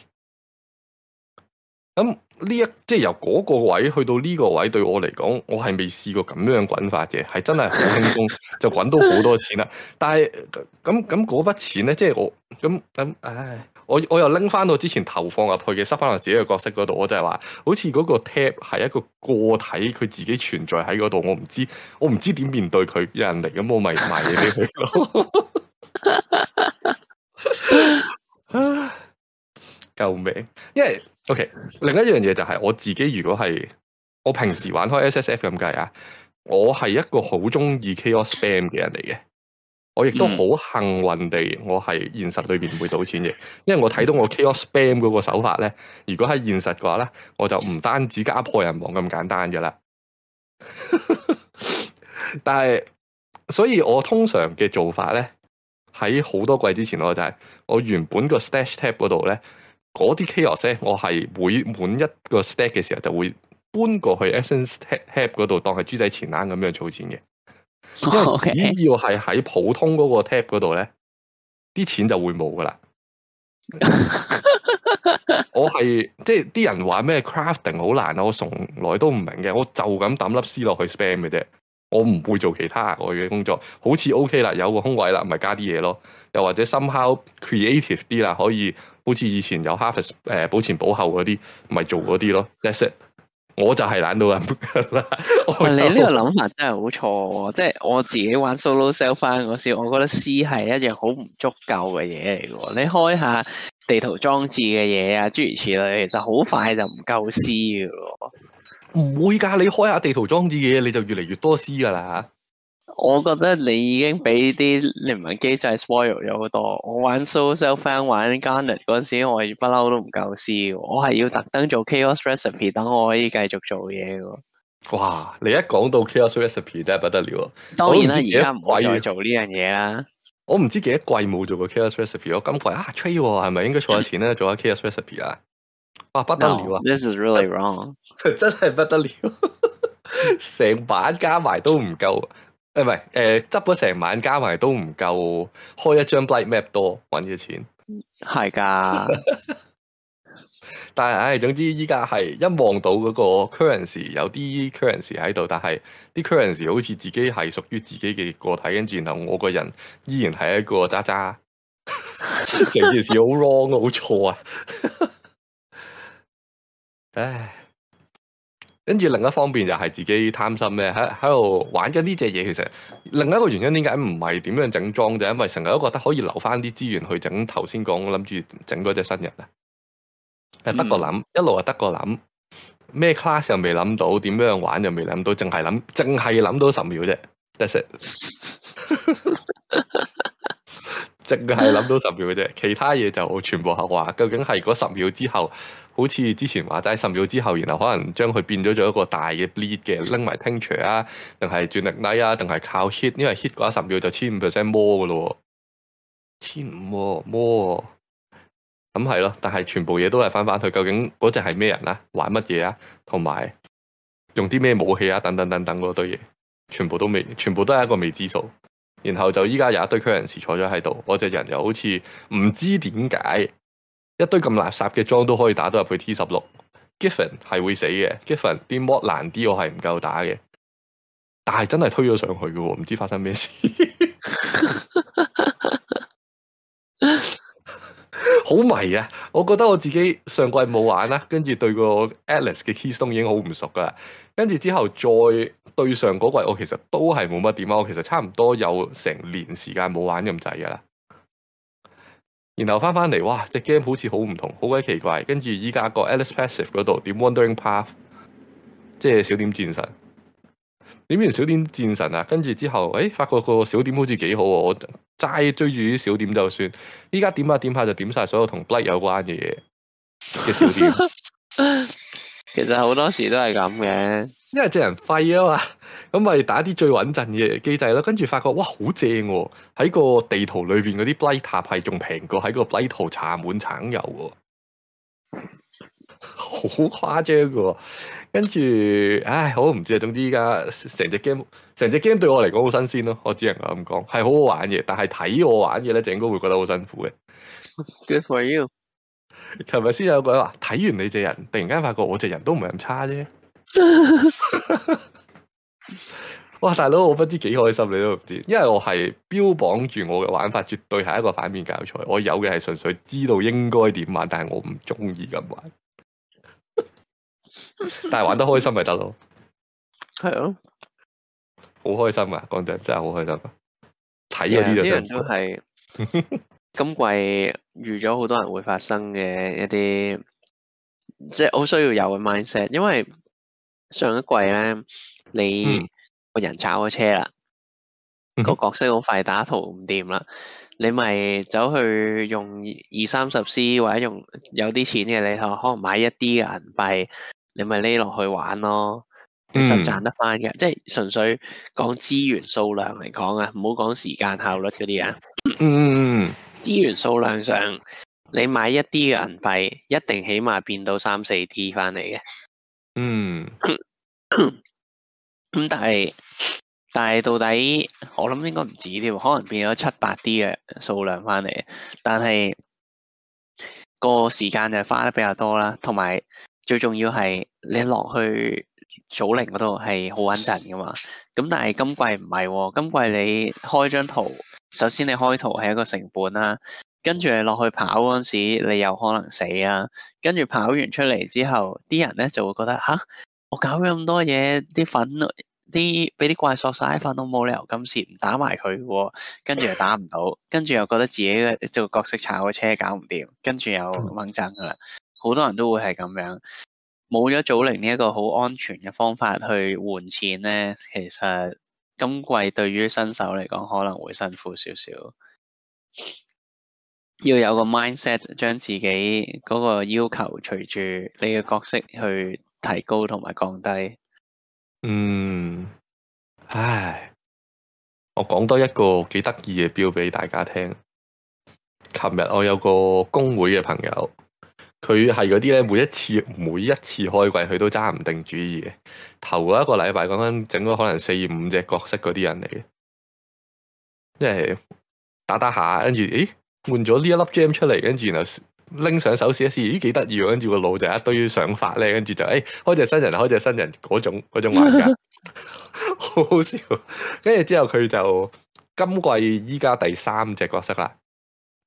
咁呢一即係由嗰個位去到呢個位，對我嚟講，我係未試過咁樣滾法嘅，係真係好輕鬆就滾到好多錢啦。但係咁咁嗰筆錢咧，即係我咁咁，唉，我我又拎翻到之前投放入去嘅，塞翻落自己嘅角色嗰度，我就係話，好似嗰個 tab 係一個個體，佢自己存在喺嗰度，我唔知，我唔知點面對佢，有人嚟咁我咪賣嘢俾佢咯。啊！救命！因為 OK，另一樣嘢就係我自己。如果係我平時玩開 SSF 咁計啊，我係一個好中意 Chaos Spam 嘅人嚟嘅。我亦都好幸運地，我係現實裏邊唔會賭錢嘅。因為我睇到我 Chaos Spam 嗰個手法咧，如果喺現實嘅話咧，我就唔單止家破人亡咁簡單嘅啦。 但係，所以我通常嘅做法咧。喺好多季之前咯，就係、是、我原本個 stash tab 嗰度咧，嗰啲 chaos 咧，我係每滿一個 stash 嘅時候，就會搬過去 essence tab 嗰度當係豬仔錢罌咁樣儲錢嘅。因為只要係喺普通嗰個 tab 嗰度咧，啲錢就會冇噶啦。我係即係啲人話咩 crafting 好難，我從來都唔明嘅，我就咁抌粒 C 落去 spam 嘅啫。我唔會做其他我嘅工作，好似 OK 啦，有個空位啦，咪加啲嘢咯。又或者 somehow creative 啲啦，可以好似以前有 harvest，誒、呃，保前保後嗰啲，咪做嗰啲咯。That's it。我就係懶到啦。 就你呢個諗法真係好錯、哦，即、就、係、是、我自己玩 solo self found 嗰時，我覺得 C 係一件好唔足夠嘅嘢嚟嘅。你開下地圖裝置嘅嘢啊，諸如此類，其實好快就唔夠 C 嘅。唔會噶，你開下地圖裝置嘅嘢，你就越嚟越多 C 噶啦。我覺得你已經俾啲聯盟機制 spoil 咗好多。我玩 social friend 玩 garner 嗰陣時，我不嬲都唔夠 C。我係要特登做 chaos recipe，等我可以繼續做嘢嘅。哇！你一講到 chaos recipe 真係不得了。當然啦，而家唔可以做呢樣嘢啦。我唔知幾多季冇做過 chaos recipe，我今季啊吹喎係咪應該儲下錢咧？做下 chaos recipe 啊？哇！不得了啊！No,This is really wrong. 真係不得了， 成晚加埋都唔夠，誒唔係誒，執咗成晚加埋都唔夠，開一張 Blight Map 多搵嘅錢，係噶的。 但係唉，總之依家係一望到嗰個 currency 有啲 currency 喺度，但係啲 currency 好似自己係屬於自己嘅個體，跟住然後我個人依然係一個渣渣，成 件事好 wrong 好錯啊， 唉。跟住另一方面就係自己貪心咩？喺喺度玩緊呢隻嘢。其實另一個原因點解唔係點樣整裝啫？因為成日都覺得可以留翻啲資源去整頭先講諗住整嗰隻新人啊，係得個諗，嗯、一路係得個諗，咩 class 又未諗到，點樣玩又未諗到，淨係諗，淨係諗到十秒啫。That's it. 即係諗到十秒嘅啫，其他嘢就全部係話，究竟係嗰十秒之後，好似之前話齋十秒之後，然後可能將佢變咗做一個大嘅 bleed 嘅，拎埋 t i n g 啊，定係轉力低啊，定係靠 hit，因為 hit 嗰一十秒就千五 percent more 嘅咯，千五 more 咁係咯，但係全部嘢都係翻返去，究竟嗰隻係咩人啊，玩乜嘢啊，同埋用啲咩武器啊，等等等等嗰堆嘢，全部都未，全部都係一個未知數。然後就依家有一堆 Que 人士坐咗喺度，我只人又好似唔知點解一堆咁垃圾嘅裝都可以打到入去 T 十六，Giffen 係會死嘅，Giffen 啲 mod 難啲，我係唔夠打嘅，但係真係推咗上去嘅喎，唔知發生咩事，好 迷啊！我覺得我自己上季冇玩啦，啊，跟住對個 Atlas 嘅 keystone 已經好唔熟噶啦，跟住之後再。對上嗰季我其實都係冇乜點啊，我其實差唔多有成年時間冇玩咁滯噶啦。然後翻返嚟，哇，隻 game 好似好唔同，好鬼奇怪。跟住依家個 Atlas Passive 嗰度點 Wondering Path，即係小點戰神。點完小點戰神啊，跟住之後，誒、欸，發覺個小點好似幾好啊。我齋追住啲小點就算。依家點下點下就點晒所有同 blade 有關嘅嘢，嘅小點。其實好多時都係咁嘅，因為隻人廢啊嘛，咁咪打啲最穩陣嘅機制咯。跟住發覺哇，好正喎！喺個地圖裏邊嗰啲 blight 塔係仲平過喺個 blight 塔搽滿橙油，好誇張嘅。跟住，唉，我都唔知。總之依家成隻 game，成隻 game 對我嚟講好新鮮咯、哦。我只能夠咁講，係好好玩嘅。但係睇我玩嘅咧，就應該會覺得好辛苦嘅。Good for you. 琴日先有個人話睇完你隻人，突然間發覺我隻人都唔係咁差啫！ 哇，大佬，我不知幾開心，你都唔知，因為我係標榜住我嘅玩法絕對係一個反面教材。我有嘅係純粹知道應該點玩，但係我唔中意咁玩。 但係玩得開心咪得咯，係啊，好開心啊！講真，真係好開心啊。睇嗰啲就啲係。Yeah, 今季預咗好多人會發生嘅一啲，即係好需要有嘅 mindset，因為上一季咧，你個、嗯、人炒咗車啦，個、嗯、角色好快打圖唔掂啦，你咪走去用二三十 C 或者用有啲錢嘅，你可可能買一啲嘅銀幣，你咪匿落去玩咯，其實賺得翻嘅，嗯、即係純粹講資源數量嚟講啊，唔好講時間效率嗰啲啊。嗯嗯嗯。嗯。資源數量上，你買一啲嘅銀幣，一定起碼變到三四 T 翻嚟嘅。嗯，咁但係，但係到底我諗應該唔止添，可能變咗七八 D 嘅數量翻嚟。但係個時間就花得比較多啦，同埋最重要係你落去祖靈嗰度係好穩陣噶嘛。咁但係今季唔係喎，今季你開張圖。首先你開圖係一個成本啦，跟住你落去跑嗰陣時，你有可能死啊。跟住跑完出嚟之後，啲人咧就會覺得吓，我搞咗咁多嘢，啲粉，啲俾啲怪索晒粉都沒今，都冇理由咁蝕唔打埋佢喎。跟住又打唔到，跟住又覺得自己嘅做角色炒個車搞唔掂，跟住又掹憎啦。好多人都會係咁樣，冇咗祖靈呢一個好安全嘅方法去換錢咧，其實。今季對於新手嚟講可能會辛苦少少，要有個 mindset，將自己嗰個要求隨住你嘅角色去提高同埋降低。嗯，唉，我講多一個幾得意嘅表俾大家聽。琴日我有個工會嘅朋友。佢係嗰啲咧，每一次每一次開季佢都揸唔定主意嘅。頭一個禮拜講緊整個可能四五隻角色嗰啲人嚟嘅，即係打打下，跟住誒換咗呢一粒 Gem 出嚟，跟住然後拎上手試一試，咦幾得意，跟住個腦就一堆想法咧，跟住就誒、欸、開隻新人，開隻新人嗰種嗰種玩家，好 好笑。跟住之後佢就今季依家第三隻角色啦。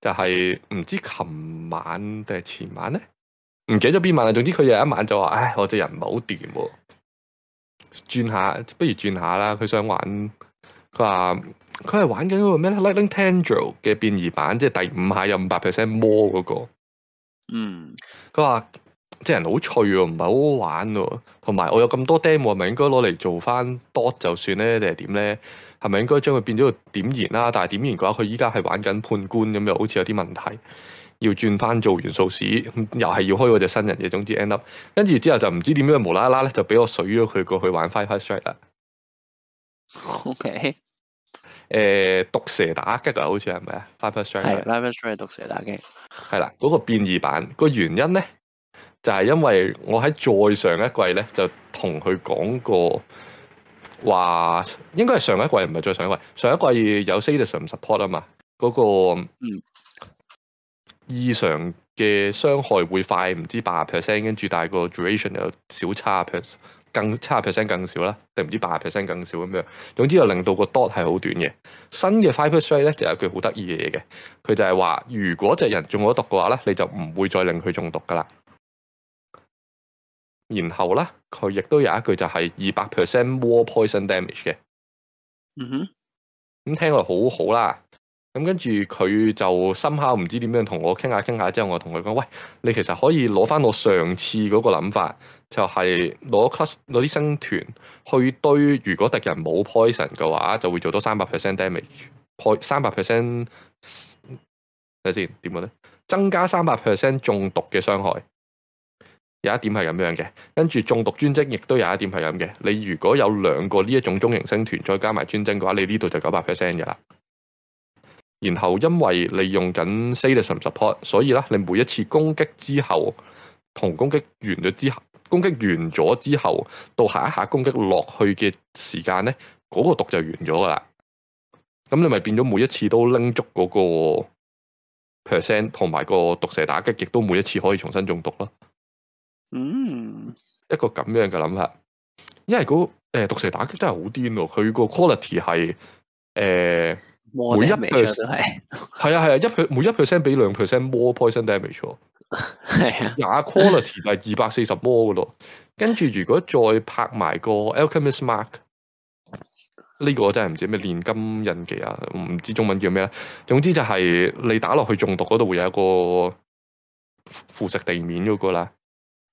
就係唔知琴晚定係前晚咧，唔記得咗邊晚啦。總之佢有一晚就話，唉，我隻人唔係好掂喎，轉下不如轉下啦。佢想玩，佢話佢係玩緊嗰個咩 Lightning Tendrils 嘅變異版，即係第五下有五百 percent more 嗰個。嗯，佢話即係人好脆喎、啊，唔係好好玩喎、啊。同埋我有咁多 demo，係咪應該攞嚟做翻 dot 就算咧，定係點咧？係咪應該將佢變咗個點燃啦？但係點燃嘅話，佢依家係玩緊判官咁，又好似有啲問題，要轉翻做元素師，又係要開嗰隻新人嘅。總之 end up，跟住之後就唔知點樣無啦啦咧，就俾我水咗佢過去玩 Viper Strike 啦。Er, OK，誒毒蛇打擊，跟住好似係咪啊？Viper Strike，Viper Strike 係毒蛇打擊嘅，係啦，嗰、嗰個變異版、嗰個原因咧，就係、是、因為我喺再上一季咧就同佢講過。話應該係上一季唔係再上一季，上一季有 status 唔 support 啊嘛，嗰、那個異、嗯、常嘅傷害會快唔知八十 percent，跟住但係個 duration 有少差更差 percent 更少啦，定唔知八十 percent 更少咁樣。總之就令到個 dot 係好短嘅。新嘅 five percent 咧，就有一句好得意嘅嘢嘅，佢就係話如果隻人中咗毒嘅話咧，你就唔會再令佢中毒噶啦。然後啦，佢亦都有一句就係二百 percent more poison damage 嘅。嗯哼，咁聽落好好啦。咁跟住佢就深刻唔知點樣同我傾下傾下之後，我同佢講：喂，你其實可以攞翻我上次嗰個諗法，就係攞 class 攞啲星團去堆。如果敵人冇 poison 嘅話，就會做到三百 percent damage 三百 percent。睇下先，點樣咧？增加三百 percent 中毒嘅傷害。有一點係咁樣嘅，跟住中毒專精亦都有一點係咁嘅。你如果有兩個呢一種中型星團，再加埋專精嘅話，你呢度就九百 percent 嘅啦。然後因為利用緊 steady support，所以咧你每一次攻擊之後同攻擊完咗之後，攻擊完咗之後，到下一下攻擊落去嘅時間咧，嗰個毒就完咗噶啦。咁你咪變咗每一次都拎足嗰個 percent 同埋個毒蛇打擊，亦都每一次可以重新中毒咯。嗯，一個咁樣嘅諗法，因為嗰誒毒蛇打擊真係好癲咯，佢個 quality 係誒每一 percent 係係啊係啊，一每每一 percent 俾兩 percent more poison damage，係 啊，嗱 quality 就係二百四十 more 噶咯，跟住如果再拍埋個 Alchemist Mark，呢個真係唔知咩煉金印記啊，唔知中文叫咩，總之就係你打落去中毒嗰度會有一個腐蝕地面嗰個啦。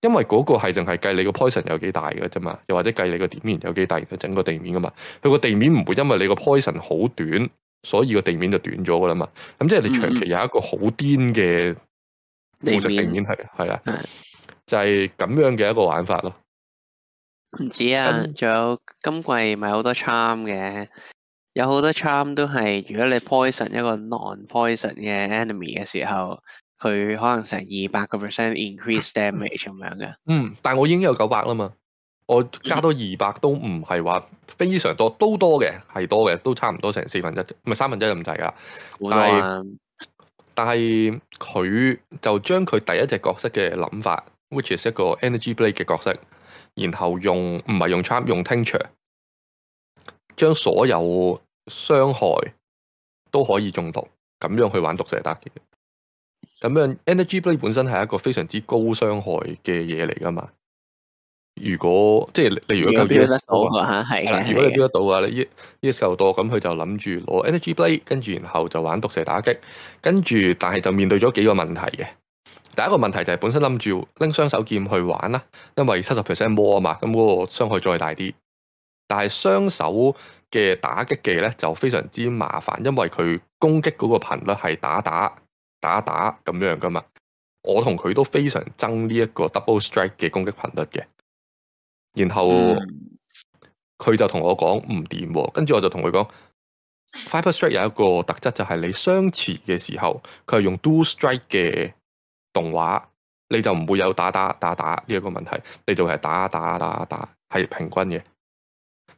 因為嗰個係淨係計你個 poison 有幾大嘅啫嘛，又或者計你個地面有幾大，大，整個地面噶嘛。佢個地面唔會因為你個 poison 好短，所以個地面就短咗噶啦嘛。咁即係你長期有一個好癲嘅腐蝕地面係，係啦、嗯嗯，就係、是、咁樣嘅一個玩法咯。唔止啊，仲那有今季咪好多 charm 嘅，有好多 charm 都係如果你 poison 一個 non-poison 嘅 enemy 嘅時候。佢可能成二百個 percent increase damage 咁樣嘅。嗯，但係我已經有九百啦嘛，我加多二百都唔係話非常多， 都多嘅，係多嘅，都差唔多成四分一，唔係三分一咁滯噶。但係但係佢就將佢第一隻角色嘅諗法，which is 一個 energy blade 嘅角色，然後用唔係用 charm 用 tincture 將所有傷害都可以中毒，咁樣去玩毒蛇得嘅。咁樣 Energy Blade 本身係一個非常之高傷害嘅嘢嚟㗎嘛？如果即係你如果夠嘢，丟得到啊！係，如果係丟得到啊，的你 yes yes 夠多，咁佢的就諗住攞 Energy Blade，跟住然後就玩毒蛇打擊，跟住但係就面對咗幾個問題嘅。第一個問題就係本身諗住拎雙手劍去玩啦，因為七十 percent more 啊嘛，咁、那、嗰個傷害再大啲。但係雙手嘅打擊技咧就非常之麻煩，因為佢攻擊嗰個頻率係打打。打打咁樣噶嘛，我同佢都非常憎呢一個 double strike 嘅攻擊頻率嘅，然後佢就同我講唔掂，跟住我就同佢講，viper strike 有一個特質就係你雙持嘅時候，佢係用 dual strike 嘅動畫，你就唔會有打打打打呢一個問題，你就係打打打打係平均嘅。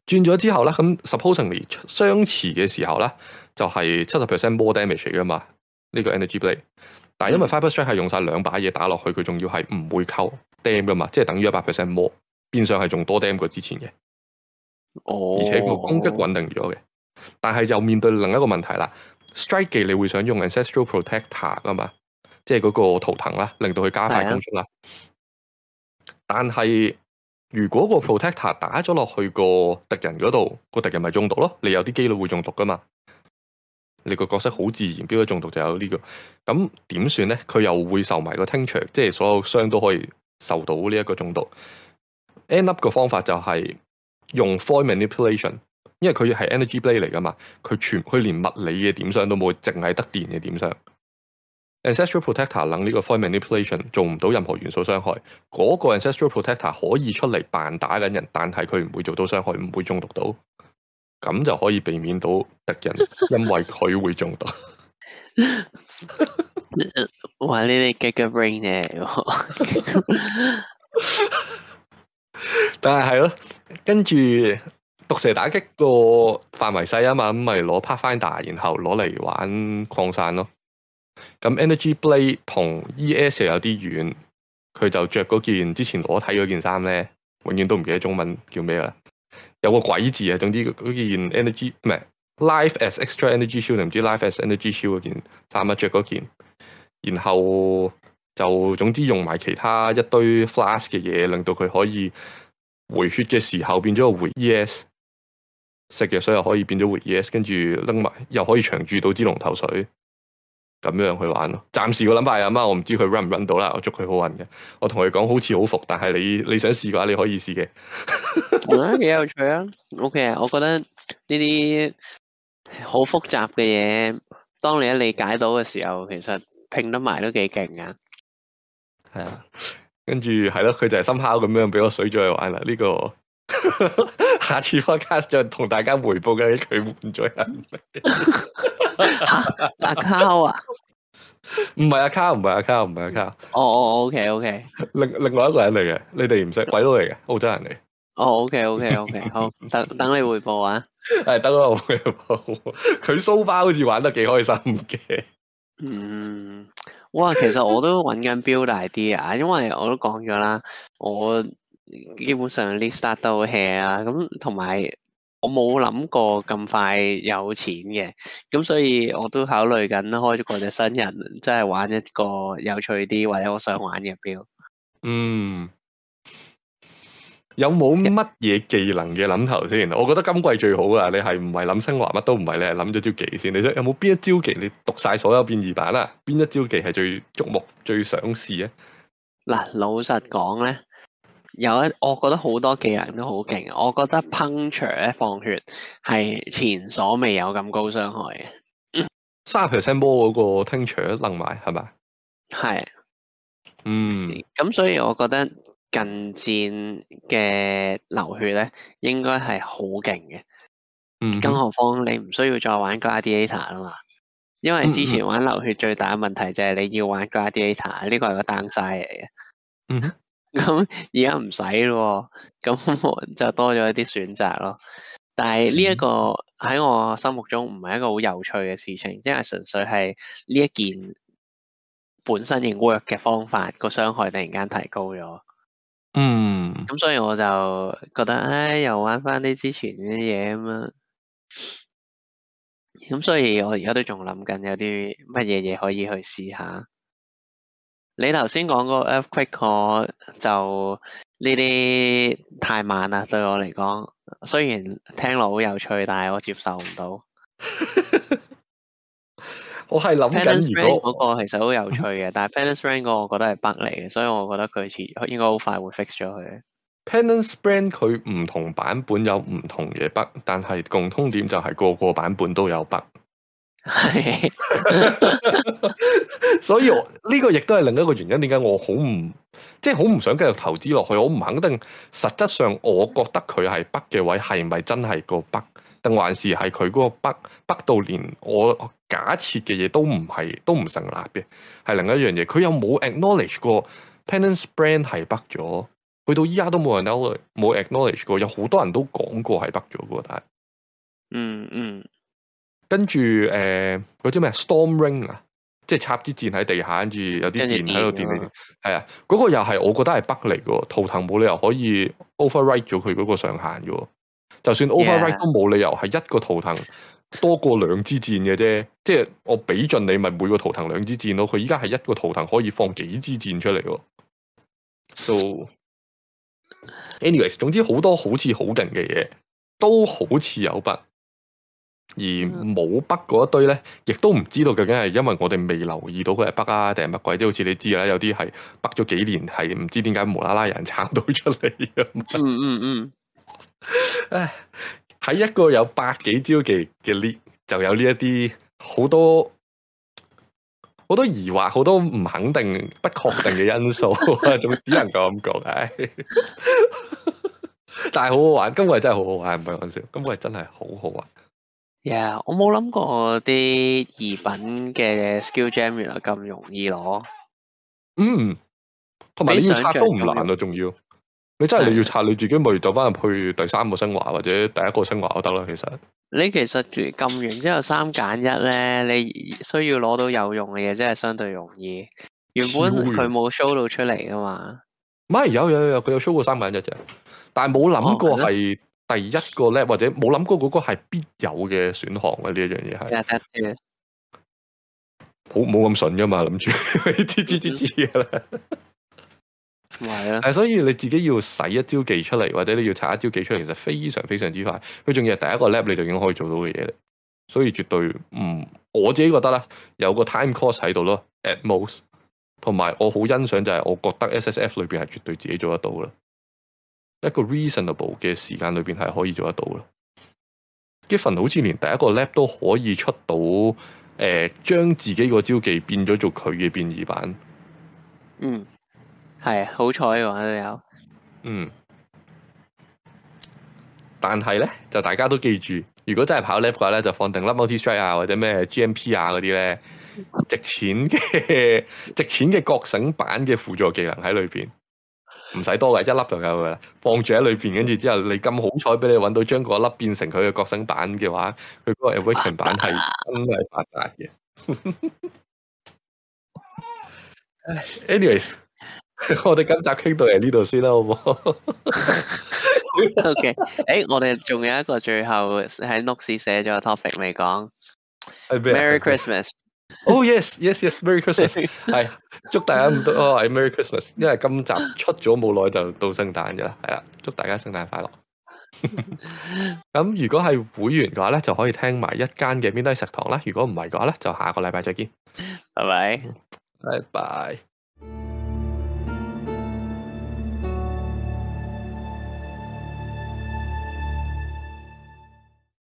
轉咗之後咧，咁 supposedly 雙持嘅時候咧，就係七十 percent more damage 噶嘛。呢個 energy blade，但係因為 viper strike 係用晒兩把嘢打落去，佢仲、嗯、要係唔會扣 damn 噶嘛，即係等於一百 percent more，變相係仲多 damn 過之前嘅。哦，而且個攻擊穩定咗嘅，但係又面對另一個問題啦。strike 技你會想用 ancestral protector 噶嘛？即係嗰個圖騰啦，令到佢加快攻速啦。嗯、但係如果個 protector 打咗落去個敵人嗰度，個敵人咪中毒咯，你有啲幾率會中毒噶嘛？你個角色好自然，標咗中毒就有呢個。咁點算咧？佢又會受埋個 tincture 即係所有傷都可以受到呢一個中毒。End up 嘅方法就係用 Void Manipulation，因為佢係 energy blade 嚟噶嘛，佢全佢連物理嘅點傷都冇，淨係得電嘅點傷。Ancestral protector 等呢個 Void Manipulation 做唔到任何元素傷害，嗰個 ancestral protector 可以出嚟扮打緊人，但係佢唔會做到傷害，唔會中毒到。咁就可以避免到敵人，因為佢會中毒。 嘅 rain 但係係咯，跟住毒蛇打擊個範圍細啊嘛，咁咪攞 Pathfinder，d 然後攞嚟玩擴散咯。咁 Energy Blade 同 ES 有啲遠，佢就着嗰件之前攞睇嗰件衫咧，永遠都唔記得中文叫咩啦。有個鬼字啊，總之嗰件 energy 唔係 life as extra energy shield 唔知 life as energy shield 嗰件三一着嗰件，然後就總之用埋其他一堆 flask 嘅嘢，令到佢可以回血嘅時候變咗回 ES，食藥水又可以變咗回 ES，跟住拎埋又可以長住到支龍頭水。咁樣去玩咯，暫時個諗法係咁，我唔知佢 run 唔 run 到啦，我祝佢好運嘅。我同佢講好似好服，但係你你想試嘅話，你可以試嘅、嗯。啊，幾有趣啊！OK 啊，我覺得呢啲好複雜嘅嘢，當你一理解到嘅時候，其實拼得埋都幾勁噶。係啊，跟住係咯，佢、嗯嗯、就係心拋咁樣俾我水咗去玩啦。呢、這個 下次開 cast 再同大家回報嘅，佢換咗人。啊， 啊！唔係阿卡，唔係阿卡，唔係阿卡。哦，OK，OK。Oh, okay, okay. 另另外一個人嚟嘅，你哋唔識鬼佬嚟嘅，澳洲人嚟。哦、oh，OK，OK，OK，okay, okay, okay, 好。 等等你匯報啊。係，等我匯報。佢 so far 好似玩得幾開心嘅。 嗯，哇，其實我都搵緊 build idea 啊，因為我都講咗啦，我基本上 list 都 hea 啊。咁同埋。我冇諗過咁快有錢嘅，咁所以我都考慮緊開咗個隻新人，即係玩一個有趣啲或者我想玩嘅表。嗯，有冇乜嘢技能嘅諗頭先？我覺得今季最好啊！你係唔係諗升華乜都唔係，你係諗咗招技先。你想有冇邊一招技？你讀晒所有變異版啦，邊一招技係最矚目、最想試啊？嗱，老實講咧。有一，我覺得好多技能都好勁啊！嗯、我覺得 punch 咧放血係前所未有咁高傷害嘅，三 percent 波嗰個 punch 能買係咪？係，嗯，咁所以我覺得近戰嘅流血咧應該係好勁嘅，嗯哼，更何況你唔需要再玩 Gladiator 啊嘛，因為之前玩流血最大嘅問題就係你要玩 Gladiator，呢、嗯、哼個係個 downside 嚟嘅，嗯哼。咁而家唔使咯，咁就多咗一啲選擇咯。但係呢一個喺我心目中唔係一個好有趣嘅事情，即係純粹係呢一件本身認 work 嘅方法個傷害突然間提高咗。嗯。咁所以我就覺得，唉，又玩翻啲之前嘅嘢咁。咁所以我而家都仲諗緊有啲乜嘢嘢可以去試下。你頭先講個 Earthquake 我就呢啲太慢啦，對我嚟講，雖然聽落好有趣，但係我接受唔到。 我係諗緊 Penance Brand 嗰個其實好有趣嘅， 但係 Penance Brand 嗰個我覺得係 bug 嚟嘅，所以我覺得佢似應該好快會 fix 咗佢。Penance Brand 佢唔同版本有唔同嘢 bug，但係共通點就係個個版本都有 bug。係， 所以呢個亦都係另一個原因，點解我好唔，即係好唔想繼續投資落去，我唔肯定實質上我覺得佢係北嘅位係咪真係個北，定還是係佢嗰個北北到連我假設嘅嘢都唔係，都唔成立嘅，係另一樣嘢。佢又冇 acknowledge 過 Penance Brand 係北咗，去到依家都冇人冇 acknowledge ack 過，有好多人都講過係北咗嘅，但係、嗯，嗯嗯。跟住誒，嗰啲咩 storm ring 啊，即係插支箭喺地下，跟住有啲箭喺度電你。係啊，嗰個又係我覺得係 bug 嚟嘅，圖騰冇理由可以 override 咗佢嗰個上限嘅。就算 override 都冇理由係一個圖騰多過兩支箭嘅啫。Yeah 即係我比盡你，咪、mm hmm. 每個圖騰兩支箭咯。佢依家係一個圖騰可以放幾支箭出嚟。So、mm hmm. anyways，總之好多好似好勁嘅嘢，都好似有 bug。而冇北嗰一堆咧，亦都唔知道究竟係因為我哋未留意到佢係北啊，定係乜鬼？即好似你知嘅啦，有啲係北咗幾年，係唔知點解無啦啦人撐到出嚟啊！嗯嗯嗯，喺 一個有百幾招嘅嘅呢，就有呢一啲好多好多疑惑，好多唔肯定、不確定嘅因素，就 只能夠咁講。唉， 但係好好玩，今季真係好好玩，唔係講笑，今季真係好好玩。Yeah, 我冇諗過啲二品嘅 skill gem 原來咁容易攞，嗯，同埋你拆都唔難啊，仲要，你真係你要拆的你自己咪就翻入去第三個升華或者第一個升華都得啦，其實。你其實住撳完之後三揀一咧，你需要攞到有用嘅嘢，真係相對容易。原本佢冇 show 到出嚟噶嘛，唔係有有有，佢有 show 過三揀一咋，但係冇諗過係。哦第一個 Lab 或者冇諗過嗰個係必有嘅選項嘅呢一樣嘢係，好冇咁順噶嘛諗住，知知知知嘅啦，係啊，係所以你自己要使一招技出嚟，或者你要查一招技出嚟，其實非常非常之快。佢仲要係第一個 Lab 你就已經可以做到嘅嘢，所以絕對唔，我自己覺得啦，有個 time cost 喺度咯，at most。同埋我好欣賞就係，我覺得 SSF 裏邊係絕對自己做得到啦。一個 reasonable 嘅時間裏邊係可以做得到嘅。Giffen 好似連第一個 lab 都可以出到，誒、呃，將自己個招技變咗做佢嘅變異版。嗯，係好彩嘅話都有。嗯，但係咧就大家都記住，如果真係跑 lab 嘅話咧，就放定 load multi strike 啊或者咩 GMP 啊嗰啲咧，值錢嘅 值錢嘅覺醒版嘅輔助技能喺裏邊。唔使多嘅，一粒就有噶啦，放住喺裏邊，跟住之後你咁好彩，俾你揾到將嗰粒變成佢嘅覺醒版嘅話，佢嗰個 Awakening 版係真係發大嘅。Anyways, 我哋今集傾到嚟呢度先啦，好唔好 ？OK，哎、欸，我哋仲有一個最後喺 notes 寫咗個 topic 未講。Merry Christmas。哦、oh, yes yes yes Merry Christmas 係 祝大家唔得哦係 Merry Christmas 因為今集出咗冇耐就到聖誕嘅啦係啦祝大家聖誕快樂咁 如果係會員嘅話咧就可以聽埋一間嘅 Midnight 食堂啦如果唔係嘅話咧就下個禮拜再見拜拜！拜拜。